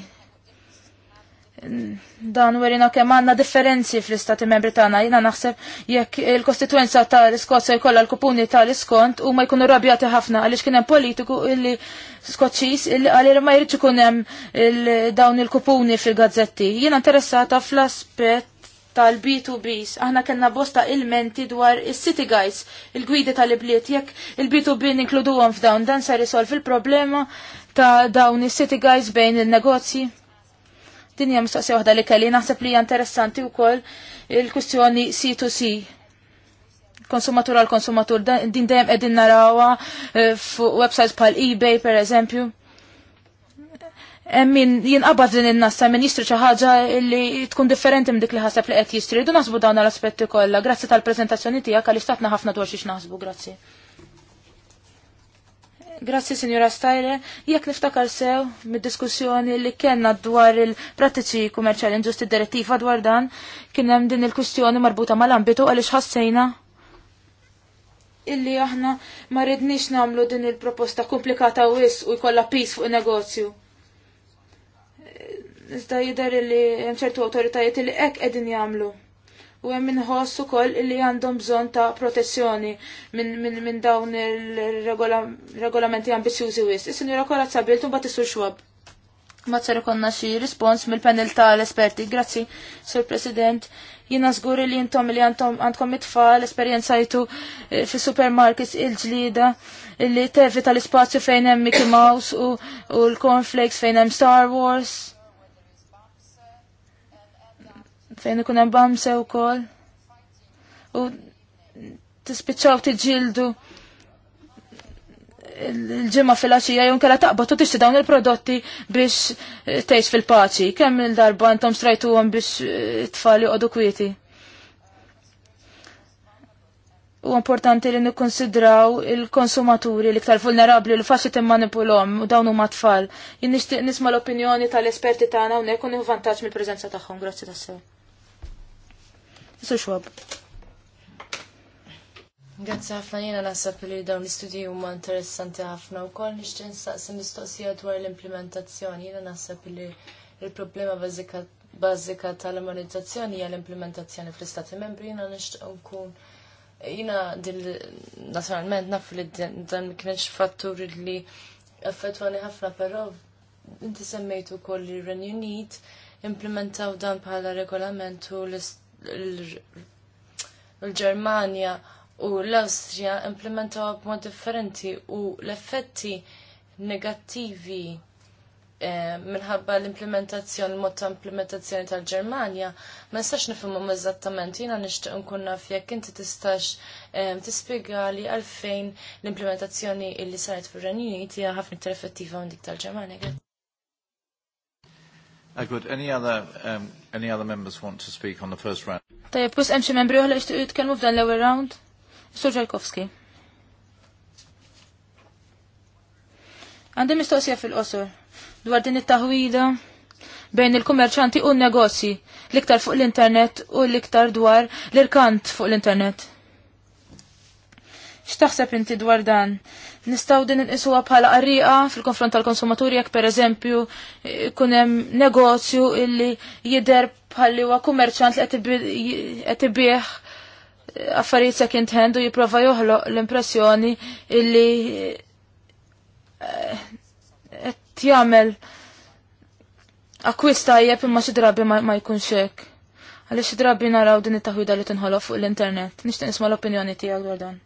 dan werina kemm għandna differenzi fl-istati membri tagħna. Jiena naħseb jekk il-kostituenza tal-Iskozja jkollha l-kupuni tal-iskont huma jkunu rabjati ħafna għaliex kien hemm politiku illi Skoċċiż illi għalli ma jridx ikun hemm dawn il-kupuni fil-gazzetti. Jiena interessata fl-aspett tal-B2Bs. Aħna kellna bosta ilmenti dwar is-City Guys, il-gwidi tal-ibliet, jekk il-B2B ninkluduhom f'dawn dan sa' isolv il-problema ta' dawn is-City Guys bejn il-negozji. Din hija mistoqsija waħda li kelli naħseb li hija interessanti wkoll il-kwistjoni C2C. Konsumatur għal konsumatur din dejjem qegħdin narawha eh, fuq websites bħal eBay pereżempju. Emmin jinqabad din in-nassa min jistri xi ħaġa li tkun differenti minn dik li ħaseb li qed jistri. Du naħsbu dawn l-aspetti kollha. Grazzi tal-preżentazzjoni tiegħek għal istatna ħafna dwar xiex naħsbu, grazzi. Grazzi, Signora Stajre. Jekk niftakar sew mid-diskussjoni li kellna dwar il-prattiċi kummerċali inġusti direttiva dwar dan, kien hemm din il-kwistjoni marbuta mal-ambitu għaliex ħassejna illi aħna ma rridniex nagħmlu din il-proposta komplikata wis u jkollha pis fuq negozju. Iżda jider li hemm ċertu awtoritajiet li hekk qegħdin jagħmlu u hemm inħoss ukoll li għandhom bżonn ta' protezzjoni minn min, min dawn il-regolamenti ambizjużi wis. Is-sinjura kollha tsabilt u mbagħad isur xwab. Ma tsar ikonna xi rispons mill-panel tal-esperti. Grazzi, Sur President. Jiena żgur li intom li għandkom it-tfal esperjenzajtu eh, fis-supermarkets il-ġlida li tevita l-ispazju fejn hemm Mickey Mouse u l-cornflakes fejn hemm Star Wars fejn ikun hemm bamse wkoll. U tispiċċaw tiġġieldu il-ġimma fil-axija jew kella taqbad u tixti dawn il-prodotti biex eh, tgħix fil-paċi. Kemm il-darba intom strajtuhom biex eh, tfal joqogħdu kwieti. U importanti li nikkonsidraw il-konsumaturi l-iktar vulnerabli li faċli timmanipulhom u dawn huma tfal. Jien nixtieq nisma' l-opinjoni tal-esperti tagħna hawnhekk u vantaġġ mill-preżenza tagħhom. Grazzi tas tas-sew. Isu xwab. Grazzi ħafna jiena nasab li dawn l-istudji huma interessanti ħafna wkoll nixtieq nistaqsi mistoqsija dwar l-implementazzjoni. Jiena nasab li l-problema bażika tal immunizzazzjoni hija l-implementazzjoni fl-Istati Membri Jena nixtieq nkun jiena dil naturalment naf li dan kienx fattur li effettwani ħafna però inti semmejtu koll li Renju Unit implementaw dan bħala regolamentu l-Istati l-Ġermanja u l-Awstrija implementaw b'mod differenti u l-effetti negattivi eh, minħabba l-implementazzjoni, mod ta' implementazzjoni tal-Ġermanja, ma nistax nifimu eżattament, jiena nixtieq nkun naf jekk inti tistax eh, tispjegali għalfejn l-implementazzjoni li saret fir-Renju hija ħafna effettiva minn dik tal-Ġermanja. Good. Any other, um, any other members want to speak on the first round? Tajab, kus emxie membri uħla ixtiqju jitkellmu f'dan l-ewel round? Sur Ġalkowski. Għandi mistoqsija fil-qosor dwar din it-taħwida bejn il-kummerċanti u n-negozji l-iktar fuq l-internet u l-iktar dwar l-irkant fuq l-internet. X'taħseb inti dwar dan? Nistgħu din inqisuha bħala qarriqa fil-konfront tal-konsumaturi jekk pereżempju ikun hemm negozju illi jidher bħalli huwa kummerċant li qed ibih eh, affarijiet second hand u jipprova joħloq l-impressjoni illi eh, qed jagħmel akkwist tajjeb imma xi drabi ma jkunx hekk. Għaliex xi drabi naraw din it-taħwida li tinħoloq fuq l-internet. Nixtieq nisma' l-opinjoni tiegħek dwar dan.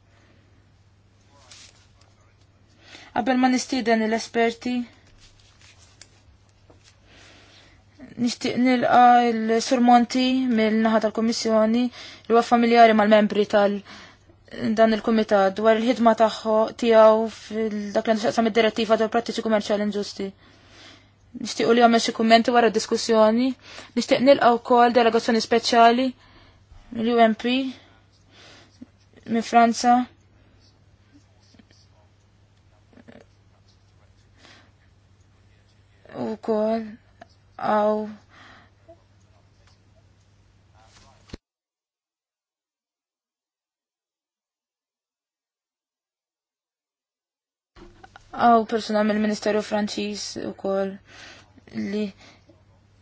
Qabel ma nistiden l-esperti. Nixtieq nilqa l-surmonti mill-naħa tal-Kummissjoni li huwa familjari mal-membri tal- dan il-Kumitat dwar il-ħidma tagħhom tiegħu f'dak li nixtaqsam id-direttiva dwar prattiċi kummerċjali inġusti. Nixtiequ li għamel xi kummenti wara diskussjoni, nixtieq nilqa' wkoll delegazzjoni speċjali mill-UMP minn Franza u kol għaw għaw persona mill-Ministeru Franċiż u kol li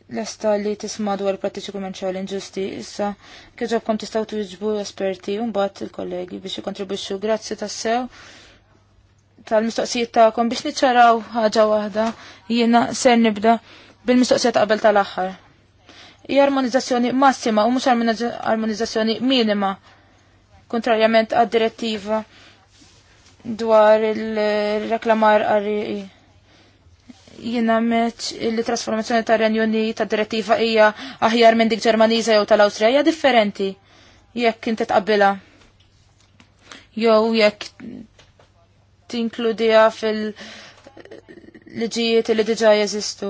l-esta li tisma dwar pratiċi kummerċjali inġusti, issa kieġobkom tistaw tuġbu esperti un bat il-kollegi biex jikontribuxxu. Grazzi tassew tal-mistoqsijiet tagħkom biex niċċaraw ħaġa waħda jiena ser nibda bil-mistoqsija qabel tal-aħħar. Hija armonizzazzjoni massima u mhux armonizzazzjoni minima kontrarjament għad-direttiva dwar il-reklamar għarri e Jiena meċ il-trasformazzjoni ta' Renjoni ta' direttiva hija aħjar minn dik Ġermaniża jew tal-Awstrija hija differenti jekk inti tqabbilha jew jekk tinkludija fil-liġijiet li diġa jeżistu.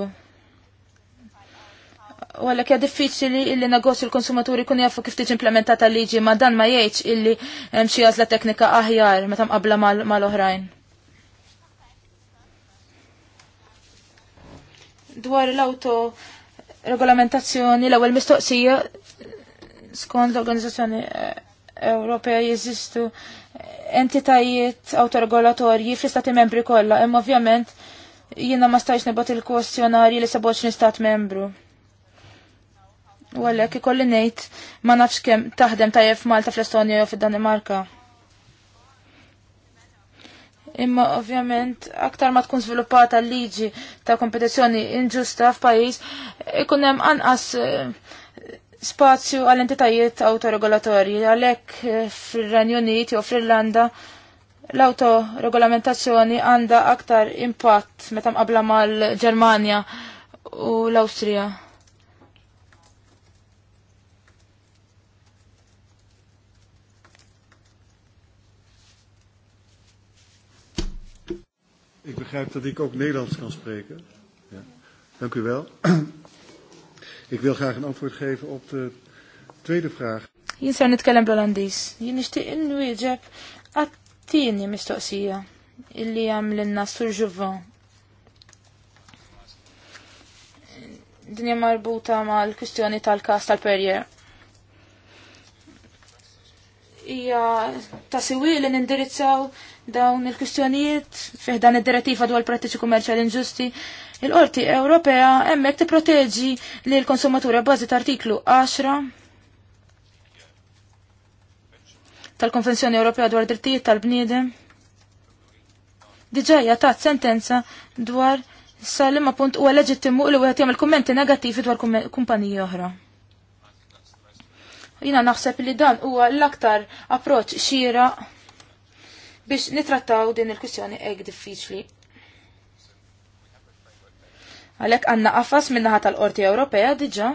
Walla kja diffiċli illi negozju l-konsumaturi kun jafu kif tiġi implementata liġi ma dan ma jgħidx illi hemm xi għażla teknika aħjar meta mqabbla mal-oħrajn. Dwar l-auto regolamentazzjoni l-ewwel mistoqsija skont l-Organizzazzjoni eh, Ewropea jeżistu entitajiet autoregolatorji fl-istati membri kollha, imma ovvjament jiena ma stajx nibgħat il-kwestjonarji li saboċni stat membru. U għalhekk ikolli ngħid ma nafx kemm taħdem tajjeb Malta fl-Estonja jew fid-Danimarka. Imma ovvjament aktar ma tkun żviluppata l-liġi ta' kompetizzjoni inġusta f'pajjiż ikun hemm anqas eh, spazju għal entitajiet autoregolatorji għalhekk eh, fil renju jew fil irlanda l-autoregolamentazzjoni għandha aktar impatt meta mqabla mal-Ġermanja u l-Awstrija. Ik begrijp dat ik ook Nederlands kan spreken. Ja. Dank u wel. Ik wil graag een antwoord geven op de tweede vraag. Jien ser nitkellem bl-Olandiż. Jien nixtieq inwieġeb għat-tieni mistoqsija illi għamlilna Sur Jouvin. Dinja marbuta mal kustjoni tal-kas tal-perjer. Ija ta' siwi li nindirizzaw dawn il-kwistjonijiet fih dan id-direttiva dwar prattiċi kummerċjali inġusti Il-Qorti Ewropea hemmhekk proteġi li l-konsumatura bażi ta' artiklu 10 tal-Konvenzjoni Ewropea dwar drittijiet tal-bniedem. Diġajja ta' sentenza dwar sa l punt huwa leġittimu li wieħed jagħmel kummenti negattivi dwar kumpaniji oħra. Jina naħseb li dan huwa l-aktar approċċ xieraq biex nitrattaw din il-kwistjoni hekk diffiċli. Għalek għanna qafas minnaħa tal-Qorti Ewropea diġa.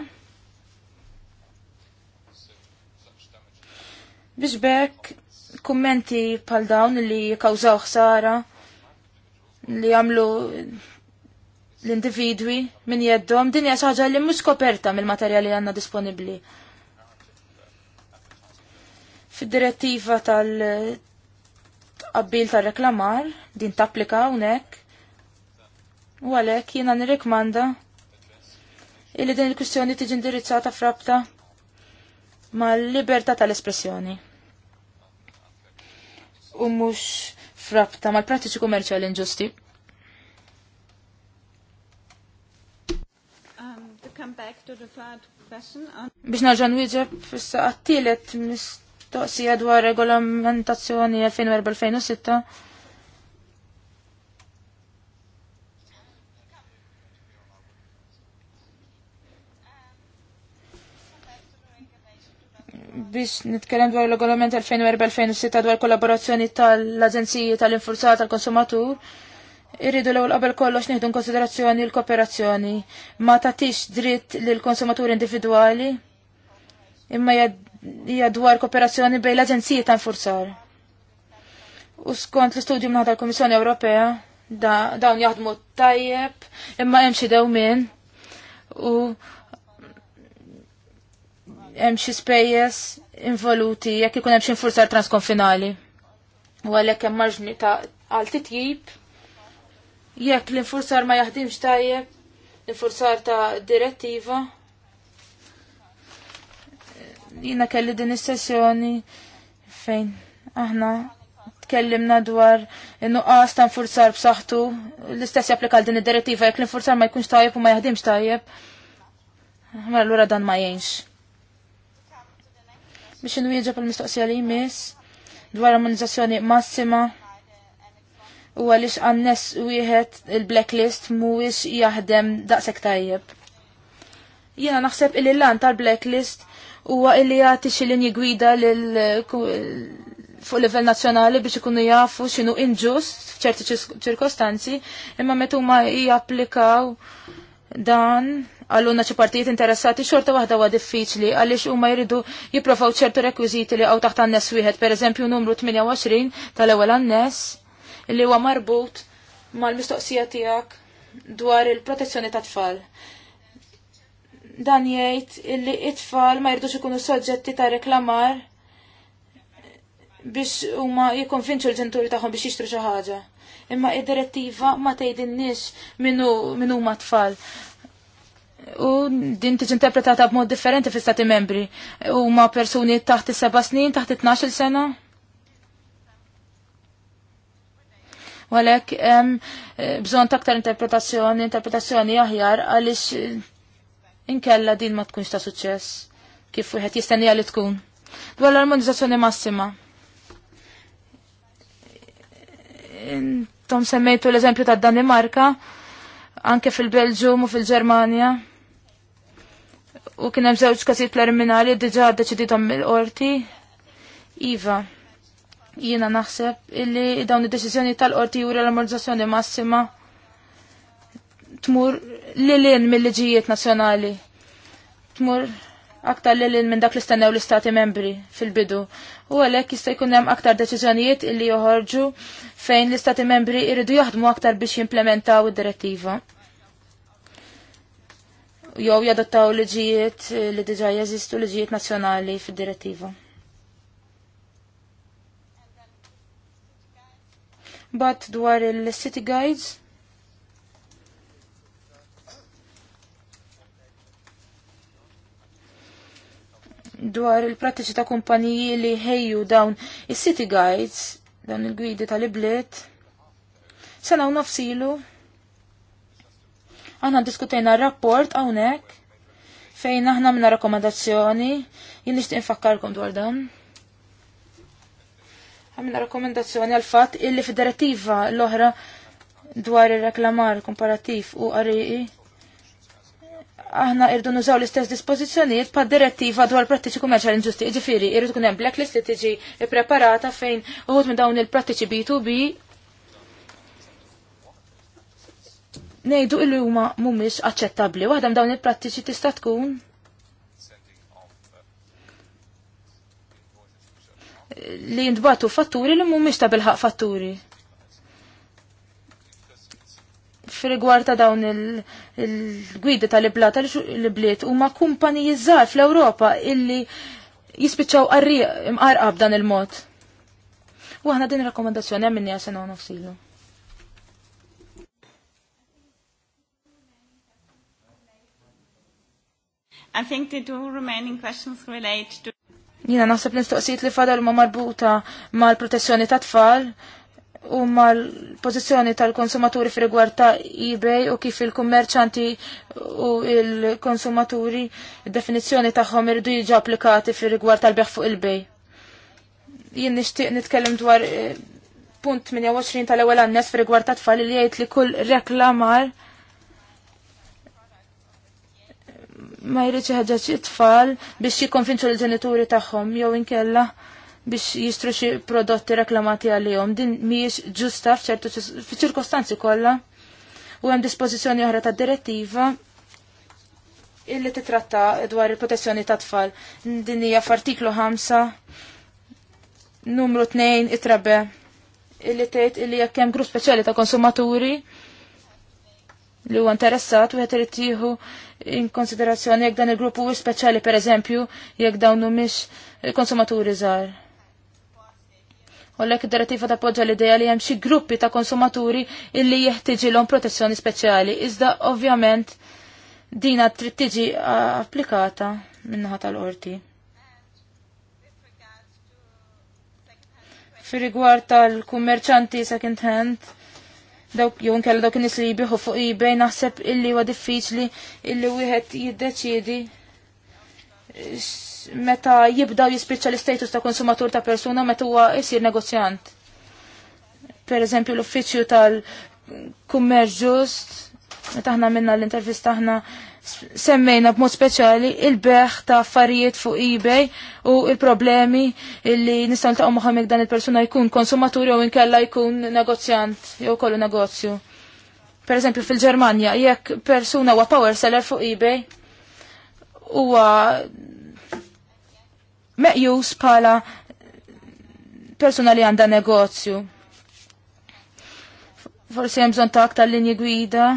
Biex bekk kummenti pal dawn li kawżaw ħsara li għamlu l-individwi minn jeddom din xaġa ħaġa li mhux koperta mill-materjali għandna disponibbli. Fid-direttiva tal-qabbil tal-reklamar din tapplika hawnhekk U għalhekk jiena nirrikmanda illi din il-kwistjoni tiġi indirizzata frabta mal-libertà tal-espressjoni. U mhux frabta mal-prattiċi kummerċjali inġusti. Um, um, Biex narġan wieġeb fissa għattilet mistoqsija dwar regolamentazzjoni 2004-2006 biex nitkellem dwar l-regolament 2004-2006 dwar kollaborazzjoni tal-Aġenziji tal-Infurzata tal-Konsumatur, irridu l-ewwel qabel kollox nieħdu konsiderazzjoni l-kooperazzjoni. Ma tagħtix dritt lil konsumatur individwali imma hija dwar kooperazzjoni bejn l-Aġenziji ta' infurzar. U skont l-istudju minn tal-Kummissjoni Ewropea dawn jaħdmu tajjeb imma hemm xi dewmien u hemm xi spejjeż involuti jekk ikun hemm xi infurzar transkonfinali. U għalhekk hemm marġni ta' għal titjib jekk l-infurzar ma jaħdimx tajjeb l-infurzar ta' direttiva. Jina kelli din is-sessjoni fejn aħna tkellimna dwar nuqqas ta' nfurzar b'saħħtu l-istess japplika din id-direttiva jekk l-infurzar ma jkunx tajjeb u ma jaħdimx tajjeb. Mela allura dan ma jgħinx biex nwieġeb pal mistoqsija li jmiss dwar armonizzazzjoni massima u għalix għannes wieħed il-blacklist mhuwiex jaħdem daqshekk tajjeb. Jiena naħseb il lan tal-blacklist huwa għalli jagħti xi jgwida fuq livell nazzjonali biex ikunu jafu x'inhu inġust f'ċerti ċirkostanzi imma meta huma japplikaw dan għallunna ċi partijiet interessati xorta waħda huwa diffiċli għaliex huma jridu jiprofaw ċertu rekwiżiti li għaw taħt għannes wieħed, pereżempju numru 28 tal-ewwel għannes li huwa marbut mal-mistoqsija tiegħek dwar il-protezzjoni ta' tfal. Dan jgħid illi it-tfal ma jridux ikunu soġġetti ta' reklamar biex huma jikkonvinċu l-ġenturi tagħhom biex jixtru xi ħaġa imma id-direttiva ma tgħidinniex minnu minnu ma tfal u din tiġi interpretata b'mod differenti fi stati membri. U ma persuni taħt is seba snin, taħt 12 il sena. U għalhekk hemm bżonn taktar interpretazzjoni, interpretazzjoni aħjar għaliex inkella din ma tkunx ta' suċċess kif wieħed jistennija li tkun. Dwar l-armonizzazzjoni massima. Tom semmejtu l-eżempju ta' Danimarka, anke fil-Belġu u fil-Ġermanja u kien hemm żewġ każijiet preliminari diġà ddeċidithom mill-qorti. Iva, jiena naħseb illi dawn id-deċiżjoni tal-qorti juri l-armonizzazzjoni massima tmur lilin mill-liġijiet nazzjonali. Tmur aktar lilin minn dak li stennew l-istati membri fil-bidu. U għalhekk jista' jkun hemm aktar deċiżjonijiet illi joħorġu fejn l-istati membri jridu jaħdmu aktar biex jimplementaw id-direttiva jew jadottaw liġijiet li diġà jeżistu liġijiet nazzjonali fid-direttiva. Bat dwar il-City Guides. Dwar il-prattiċi ta' kumpaniji li ħejju dawn is-City Guides, dawn il-gwidi tal-ibliet. Sanaw nafsilu. ilu Aħna diskutejna rapport hawnhekk fejn aħna minna rakkomandazzjoni, jien nixtieq infakkarkom dwar dan. Għamilna rakkomandazzjoni għal fatt illi fid-direttiva l-oħra dwar ir-reklamar komparativ u għarriqi aħna irdu nużaw l-istess dispożizzjonijiet pa' direttiva dwar prattiċi kummerċjali inġusti. Ġifieri, irrid tkun hemm blacklist li tiġi preparata fejn uħud minn dawn il-prattiċi B2B nejdu illi huma mhumiex aċċettabbli. Waħda dawn il-prattiċi tista' tkun li jindbatu fatturi li mhumiex ta' bilħaq fatturi. fir ta' dawn il-gwidi tal-iblata li bliet huma kumpaniji żgħar fl-Ewropa illi jispiċċaw għarri imqarqab dan il-mod. U aħna din rakkomandazzjoni hemm għasena għasen nofsilu. I think the two remaining questions relate to Jina naħseb nistoqsijiet li fadal ma marbuta mal-protezzjoni ta' tfal u mal-pozizjoni tal-konsumaturi fi rigward ta' eBay u kif il-kummerċanti u il-konsumaturi definizzjoni tagħhom irdu jiġu applikati fi rigward tal-beħ fuq il-bej. Jien nixtieq nitkellem dwar eh, punt 28 tal-ewwel annes fi rigward ta' tfal li jgħid li kull reklamar ma jridx ħeġġeġ it-tfal biex jikkonvinċu l-ġenituri tagħhom jew inkella biex jistru xi prodotti reklamati għalihom. Din mhijiex ġusta f'ċertu f'ċirkostanzi kollha. U hemm dispożizzjoni oħra ta' direttiva illi titratta dwar il-protezzjoni ta' tfal. Din hija f'artiklu 5 numru 2 itrabe illi tgħid illi jekk hemm grupp speċjali ta' konsumaturi li huwa interessat u qed irid tieħu in konsiderazzjoni jekk dan il-grupp huwa speċjali pereżempju jekk dawn mhumiex konsumaturi żgħar. Ullek id-direttiva tappoġġa l-idea li hemm xi gruppi ta' konsumaturi illi jeħtieġilhom protezzjoni speċjali, iżda ovvjament dina trid tiġi applikata min-naħa tal-qorti. Fi rigward tal-kummerċanti second hand, dawk jew inkella dawk in-nies li jbieħu fuq eBay naħseb illi huwa diffiċli illi wieħed jiddeċiedi meta jibdaw jispiċċa l-istatus ta' konsumatur ta' persuna meta huwa jsir negozjant. Per eżempju l-uffiċċju tal-kummerġ ġust, meta aħna minna l-intervista aħna semmejna b'mod speċjali il-beħ ta' affarijiet fuq eBay u il-problemi li nistgħu niltaqgħu magħhom dan il-persuna jkun konsumatur jew inkella jkun negozjant jew kollu negozju. Per eżempju fil-Ġermanja jekk persuna huwa power seller fuq eBay huwa meqjus bħala persuna li għandha negozju. Forsi hemm bżonn ta' aktar linji gwida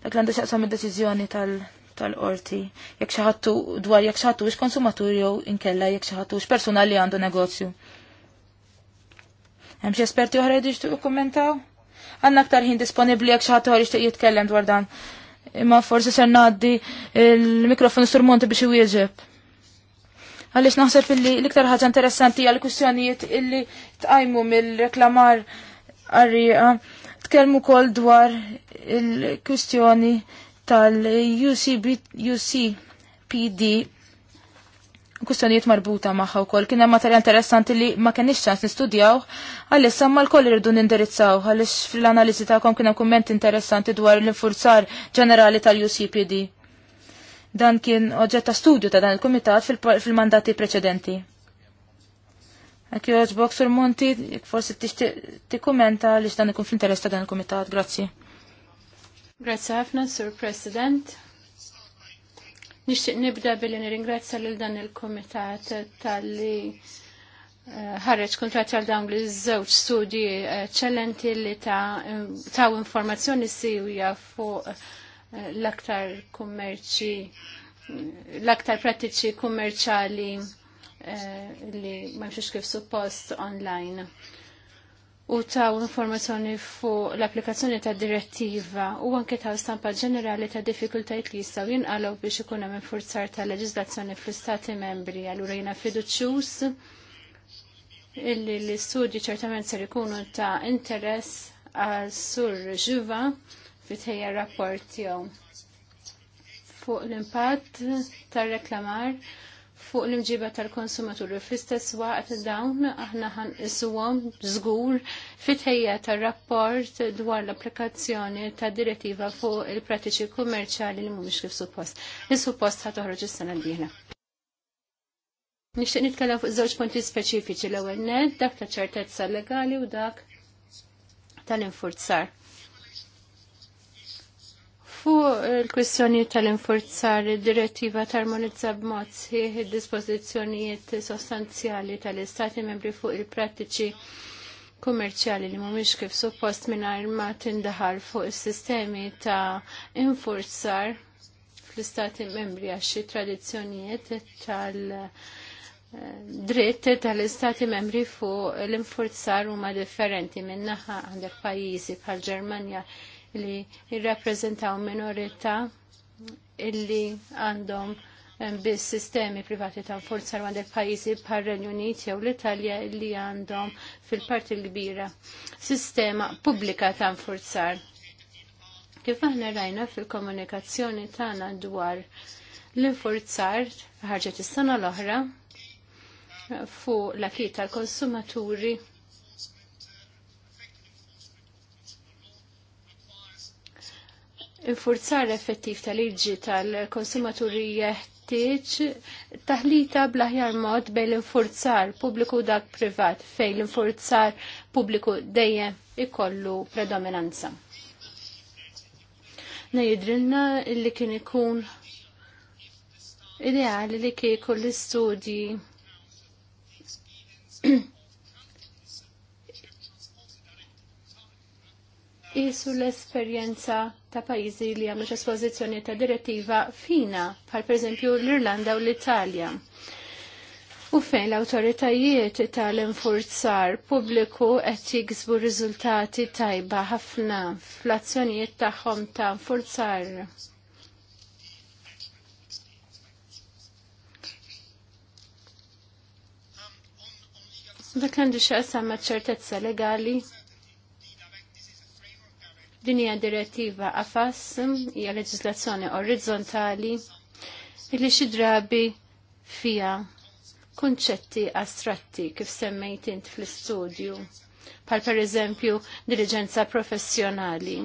dak l-għandu xaqsam id-deċiżjoni tal- tal-qorti. Jek xaħattu dwar jekk xaħattu ix konsumatur jew inkella jekk xaħattu ix persuna li għandu negozju. Hemm xi esperti oħra jridu jkummentaw? Għandna aktar ħin disponibbli jekk xaħattu ħadd oħra jixtieq jitkellem dwar dan. Imma forsi ser ngħaddi l-mikrofonu surmonti biex iwieġeb. Għaliex naħseb illi l-iktar ħaġa interessanti għal kwistjonijiet illi tqajmu mill-reklamar għarriqa tkellmu kol dwar il-kwistjoni tal-UCPD kustonijiet marbuta maħħa u koll. Kien hemm materjal interessanti li ma kenix ċans nistudjaw, għallis samma l-koll irridu nindirizzaw, għallis fil-analiżi ta' kien hemm kumment interessanti dwar l-infurzar ġenerali tal-UCPD. Dan kien oġġett ta' studju ta' dan il-kumitat fil-mandati preċedenti. Għak joġbok sur monti, forsi t-tix t kommenta li dan ikun fil-interess ta' dan il-kumitat. Grazzi. Grazie ħafna, Sur President. Nixtieq nibda billi nirringrazzja lil dan il-Kumitat tal-li eh, ħareġ kontratti għal dawn li żewġ studji ċellenti li taw informazzjoni siwja fuq eh, l-aktar kummerċi l-aktar prattiċi kummerċali eh, li ma kif suppost online u taw informazzjoni fuq l-applikazzjoni ta' direttiva u anke ta' stampa ġenerali ta' diffikultajiet li jistgħu jinqalgħu biex ikun hemm forzar ta' leġiżlazzjoni fl-istati membri allura jiena fiduċjuż illi l-istudji ċertament ser ikunu ta' interess għal sur ġuva fit-ħejja rapport jew fuq l-impatt tar-reklamar fuq l-imġiba tal-konsumaturi. Fl-istess waqt dawn aħna ħan iswom żgur fitħejja tar-rapport dwar l-applikazzjoni ta' direttiva fuq il-pratiċi kummerċali li mhumiex kif suppost. Is-suppost ħad toħroġ is-sena d-dieħla. Nixtieq nitkellem fuq żewġ punti speċifiċi l-ewwel nett dak ta' ċertezza legali u dak tal-infurzar Fu l kwistjoni tal-infurzar direttiva tarmonizza b'mod sħiħ id-dispożizzjonijiet sostanzjali tal-Istati membri fuq il-prattiċi kummerċjali li mhumiex kif suppost mingħajr ma tindaħal fuq is-sistemi ta' infurzar fl-Istati membri għax xi tradizzjonijiet tal-dritt tal-Istati membri fuq l-infurzar huma differenti minnaħa naħa għandek pajjiżi bħal Ġermanja li jirrappreżentaw minorità illi għandhom bis sistemi privati ta' forza għand il-pajizi par renju Unit jew l-Italja illi għandhom fil-parti l-kbira sistema pubblika ta' forzar. Kif aħna rajna fil-komunikazzjoni tagħna dwar l-infurzar ħarġet is-sena l-oħra fuq l-akit tal-konsumaturi Infurzar effettiv tal-irġi tal-konsumaturi jeħtieġ taħlita blaħjar mod bej l-infurzar pubbliku dak privat fejn l-infurzar pubbliku dejjem ikollu predominanza. Nejidrilna li kien ikun ideali li kieku l-istudji isu l-esperjenza ta' pajizi li għamlu espożizzjoni ta' direttiva fina, bħal per eżempju l-Irlanda u l-Italja. U fejn l-autoritajiet tal-infurzar pubbliku qed jiksbu riżultati tajba ħafna fl-azzjonijiet tagħhom ta' infurzar. Dak għandu xaqsam ma' ċertezza legali Din hija direttiva AFAS, hija leġislazzjoni orizzontali li xi drabi fija kunċetti astratti kif semmejt int fl-istudju pal per eżempju diligenza professjonali.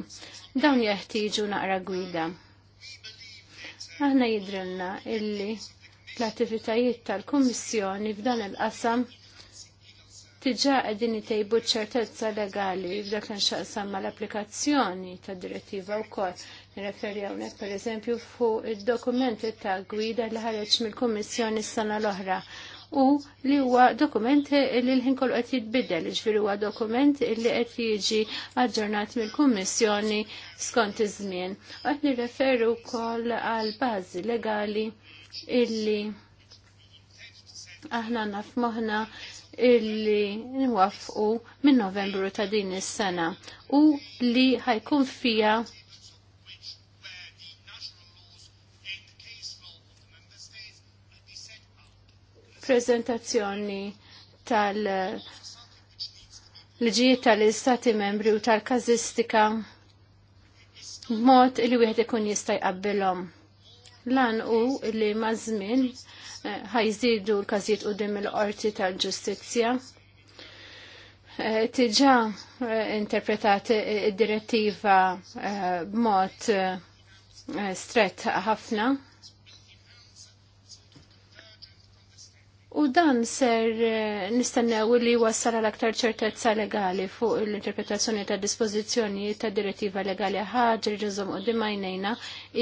Dawn jeħtiġu naqra gwida. Aħna jidrilna illi l-attivitajiet tal-Kummissjoni f'dan il-qasam diġa għedin jtejbu ċertezza legali f'dak nxaqsam xaqsam mal applikazzjoni ta' direttiva u kol. Nireferi għonek per eżempju fuq il-dokumenti ta' gwida li ħareċ mill komissjoni s-sena l-oħra u li huwa dokument li l-ħin kollu qed jitbidel, ġifieri huwa dokument li qed jiġi aġġornat mill-Kummissjoni skont iż-żmien. Qed nirreferu wkoll għal bażi legali illi aħna naf moħna illi nwaffqu minn Novembru ta' din is-sena u li ħajkun fija prezentazzjoni tal liġijiet tal-istati membri u tal-kazistika b'mod li wieħed ikun jista' jqabbilhom. Lan u li mażmin eh, ħajżidu l-każijiet qudiem il-qorti tal-ġustizzja. Tiġa eh, eh, interpretat id-direttiva b'mod stret ħafna U dan ser eh, nistennew li wassara l aktar ċertezza legali fuq l-interpretazzjoni ta' dispożizzjoni ta' direttiva legali ħaġa ġizom u dimajnejna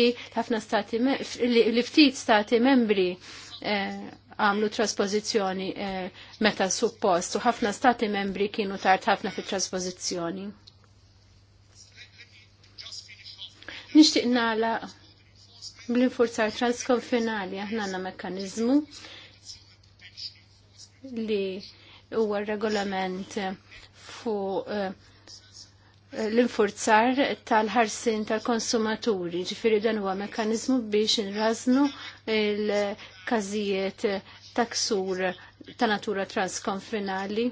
i ħafna stati li ftit stati membri eh, għamlu traspożizzjoni eh, meta suppost u ħafna stati membri kienu tard ħafna fit traspożizzjoni. Nixtieq nagħlaq bl-infurzar transkonfinali aħna għandna mekkaniżmu li huwa regolament fuq eh, l-infurzar tal-ħarsin tal-konsumaturi, ġifiri dan huwa mekanizmu biex nraznu il-kazijiet taksur ta' natura transkonfinali.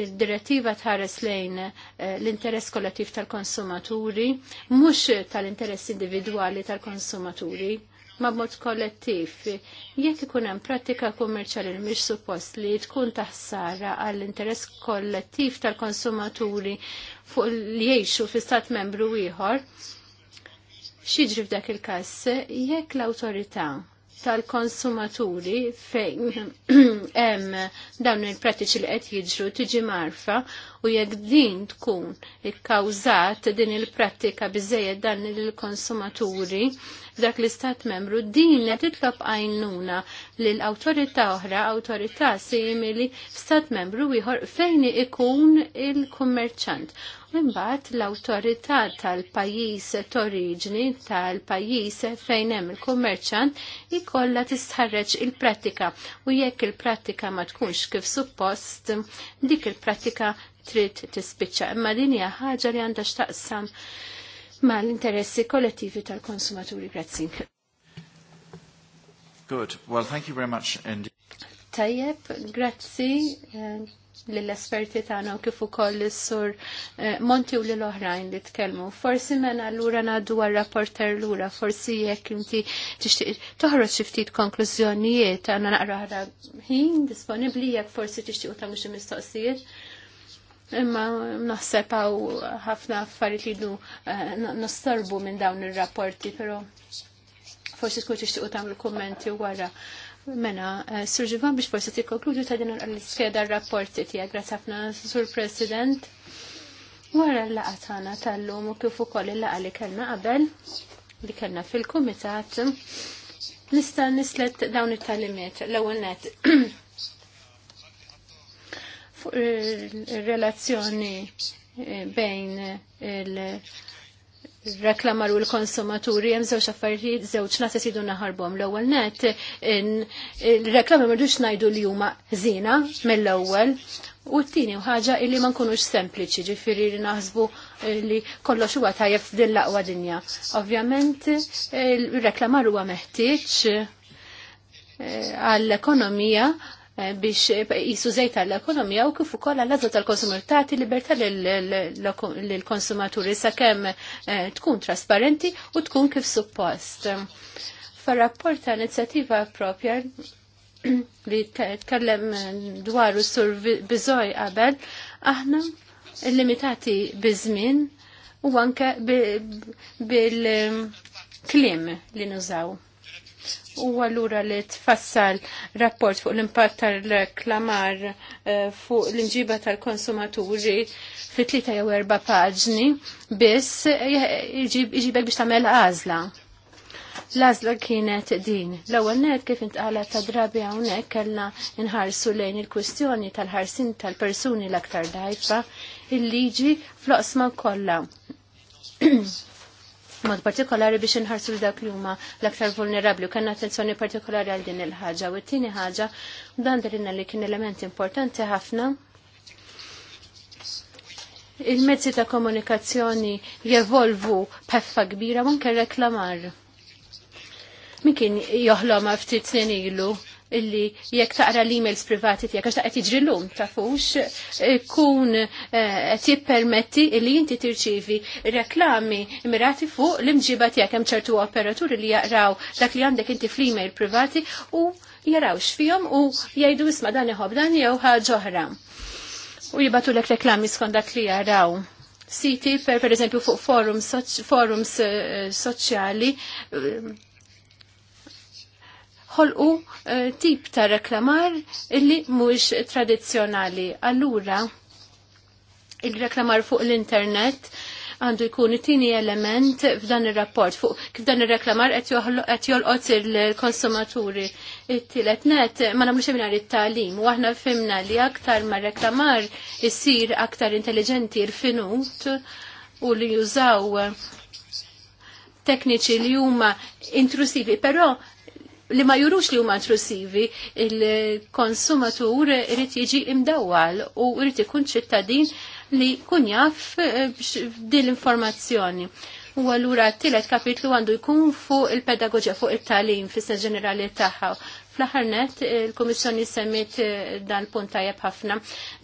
Il-direttiva tħares lejn eh, l-interess kollettiv tal-konsumaturi, mhux tal-interess individwali tal-konsumaturi ma mod kollettiv. Jekk ikun hemm pratika kummerċjali mhix suppost li tkun taħsara għall interess kollettiv tal-konsumaturi fuq li jgħixu fi stat membru ieħor, x'jiġri f'dak il-każ jekk l-awtorità tal-konsumaturi fejn hemm dawn il-pratiċi li qed jiġru tiġi marfa u jekk din tkun ikkawżat din il-prattika biżejjed dan il-konsumaturi dak l-istat membru din qed titlob għajnuna lil awtorità oħra, awtorità simili f'stat membru ieħor fejn ikun il-kummerċant. Imbagħad l-awtorità tal-pajjiż t-oriġni tal-pajjiż fejn hemm il-kummerċant jkollha tistħarreġ il-prattika u jekk il-prattika ma tkunx kif suppost dik il-prattika trid tispiċċa imma din hija ħaġa li għandha x'taqsam mal-interessi kollettivi tal-konsumaturi. Grazzi. Good. Well, thank you very much. And... Tajjeb, grazzi. Eh, lill-esperti tagħna u kif ukoll is sur eh, Monti u l oħrajn li tkellmu. Forsi mena lura ngħaddu għar-rapporter lura, forsi jekk inti tixtieq toħroġ xi ftit konklużjonijiet għandna naqra ħra ħin disponibbli jekk forsi tixtiequ tagħmlu xi mistoqsijiet. Imma naħseb hawn ħafna affarijiet li eh, nostorbu minn dawn ir-rapporti, però forsi tkun tixtiequ tagħmlu kummenti wara. Mena, eh, Surġivan, Ġivan biex forsi tikkonkludi ta' din l-iskeda r-rapporti tiegħek, grazzi ħafna Sur President. Wara l laqatana tagħna tal-lum u kif ukoll il-laqa li kellna qabel li kellna fil-kumitat nista' nislet dawn it-talimiet l-ewwel net. Fuq ir-relazzjoni eh, bejn il- reklamaru l-konsumaturi jem zewċ affarijiet zewċ nata sidu naħarbom l-ewel net reklamu mardux najdu li huma zina mill-ewel u t-tini ħaġa illi ma nkunux sempliċi ġifiri li naħsbu li kollox huwa tajjeb din l-aqwa dinja. Ovvjament reklamaru reklamar huwa meħtieġ eh, għall-ekonomija Eh, eh, biex jisu zejt għall-ekonomija u kif ukoll għall tal-konsumer tagħti libertà lill-konsumaturi sakemm eh, tkun trasparenti u tkun kif suppost. Far-rapport ta' inizjattiva propja li tkellem dwar sur biżoj qabel, aħna limitati żmien u anke bil-klim li nużaw u għallura li tfassal rapport fuq l-impatt tal-reklamar eh, fuq l-inġiba tal-konsumaturi fi tlita jew erba paġni biss iġibek biex tagħmel għażla. L-għażla kienet din. L-ewwel net kif intqalet ta' drabi hawnhekk kellna nħarsu lejn il-kwistjoni tal-ħarsin tal-persuni l-aktar dajfa il-liġi fl-oqsma kollha mod partikolari biex inħarsu l-dak li huma l-aktar vulnerabli u kanna attenzjoni partikolari għal din il-ħaġa. U t-tieni ħaġa, dan dirinna li kien element importanti ħafna il-mezzi ta' komunikazzjoni jevolvu peffa kbira mumkin reklamar. Min kien ma' ftit snin ilu illi jekk taqra l-emails privati tiegħek għax taqgħed jiġrilhom tafux eh, kun eh, qed jippermetti illi inti tirċivi reklami mirati fuq l-imġiba tiegħek hemm ċertu operaturi li jaqraw dak li għandek inti fl-email privati u jarawx fihom u jgħidu isma' dan iħobb dan jew ħaġa oħra. U jibatu lek reklami skont dak li jaraw siti per per eżempju fuq forums, soċ, forums eh, soċjali ħolqu eh, tip ta' reklamar illi mhux tradizzjonali. Allura il-reklamar fuq l-internet għandu jkun it-tieni element f'dan ir-rapport fuq kif dan ir-reklamar qed jolqot il-konsumaturi. It-tielet net ma nagħmlux seminar it-tagħlim u aħna fimna li aktar ma reklamar isir aktar intelligenti rfinut u li jużaw tekniċi li huma intrusivi, però li ma jurux li huma intrusivi, il-konsumatur irid jiġi imdawwal u irid ikun ċittadin li kun jaf eh, din l-informazzjoni. U allura t tielet kapitlu għandu jkun fuq il-pedagogja, fuq il-talim, fis ġenerali tagħha. Fl-ħarnet, il kummissjoni semmit eh, dan il-punt tajjeb ħafna.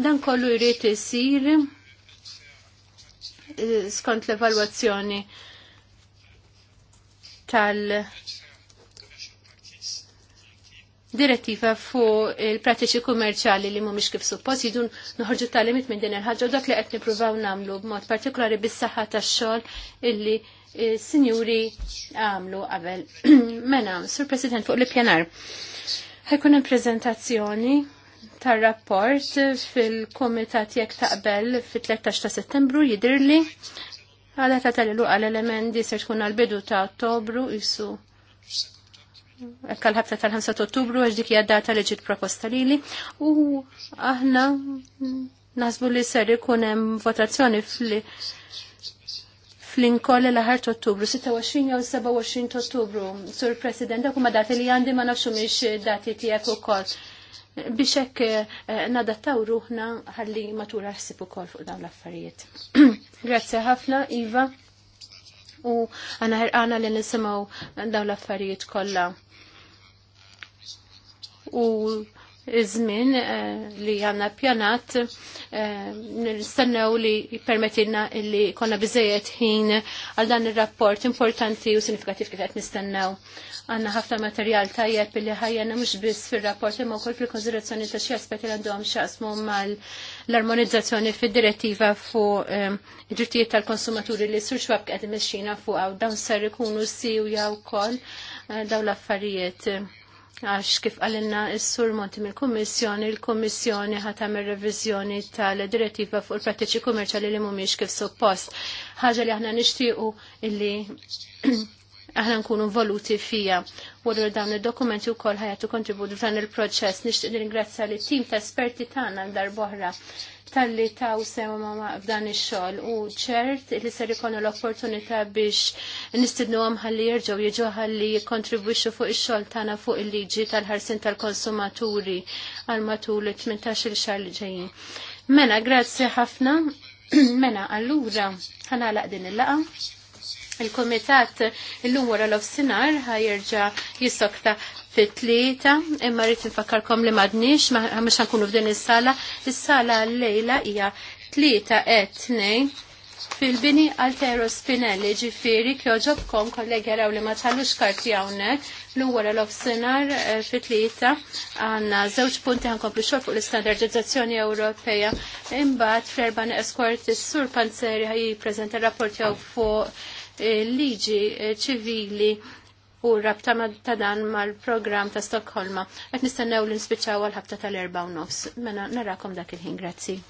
Dan kollu jrid isir eh, skont l-evalwazzjoni tal- direttiva fuq il-pratiċi kummerċali li mhumiex kif suppost jidu noħorġu tal-limit minn din il ħagġa u dak li qed nippruvaw nagħmlu b'mod partikolari bis-saħħa tax-xogħol illi eh, sinjuri għamlu qabel. Mena, Sur President, fuq l-pjanar. Ħajkun hemm prezentazzjoni tar-rapport fil-Komitat jekk taqbel fit-13 ta' Settembru jidirli Għadha ta' tal-luqa l-elementi ser tkun għal-bidu ta' Ottobru isu Ekkal ħabta tal-5 ottubru għax dik hija data li ġiet proposta lili u aħna nasbu li ser ikun hemm votazzjoni fl-inkoll l-ħar ottubru, 26 jew 27 ottubru. Sur President, dak huma dati li għandi ma nafxu miex dati tiegħek ukoll. Biex hekk eh, nadattaw ruħna ħalli matura ħsib ukoll fuq dawn l-affarijiet. Grazzi ħafna, Iva u għana ħirqana li nisimaw dawn l-affarijiet kolla u iżmin żmien eh, li għanna pjanat eh, nistennew li permettilna li konna biżejjed ħin għal dan ir-rapport importanti u sinifikativ kif qed nistennew. Għanna ħafna materjal tajjeb li ħajjena mhux biss fir-rapport imma wkoll fil-konsiderazzjoni ta' xi aspetti li għandhom x'jaqsmu mal-armonizzazzjoni fid-direttiva fuq eh, id-drittijiet tal-konsumaturi li sur xwab qed imexxina fuq dawn ser ikunu siju wkoll ukoll dawn l-affarijiet għax kif għalinna s-sur monti mill-Kommissjoni, il-Kommissjoni ħatam il-revizjoni tal-direttiva fuq il-prattiċi kummerċali li mumiex kif suppost. ħaġa li aħna nixtiequ illi aħna nkunu voluti fija. Waru dawn id-dokumenti wkoll ħajatu kontributu f'dan il-proċess. Nixtieq nirringrazzja li tim ta' esperti tagħna boħra tal-li taw sema f'dan ix-xogħol u ċert li ser ikonu l-opportunità biex nistidnu ħalli jerġgħu jiġu ħalli jikkontribwixxu fuq ix-xogħol tagħna fuq il-liġi tal-ħarsin tal-konsumaturi għal matul 18-il xahar li ġejjin. Mena, grazzi ħafna. Mena, allura ħanalaq din il-laqa Il-komitat l-lum wara l-ofsinar ħajerġa jistokta fit-tlieta, imma rrit nfakkarkom li m'għadniex, ma nkunu f'din is-sala. Is-sala l-lejla hija tlieta qed tnejn fil-bini Altero Spinelli ġifiri kjoġobkom kollegi għaraw li ma tħallux karti hawnhekk l-lum wara l-ofsinar eh, fit-tlieta għandna żewġ punti ħankomplu xogħol fuq l-istandardizzazzjoni Ewropea. Imbagħad fl-erba' escort is-sur Panzeri ħaj jippreżenta rapport jew fuq Eh, liġi eh, ċivili u rabta ta' dan mal-programm ta' Stokholma. Qed nistennew l inspiċaw għal-ħabta tal-erba' u nofs. Mena narakom dak il-ħin, grazzi.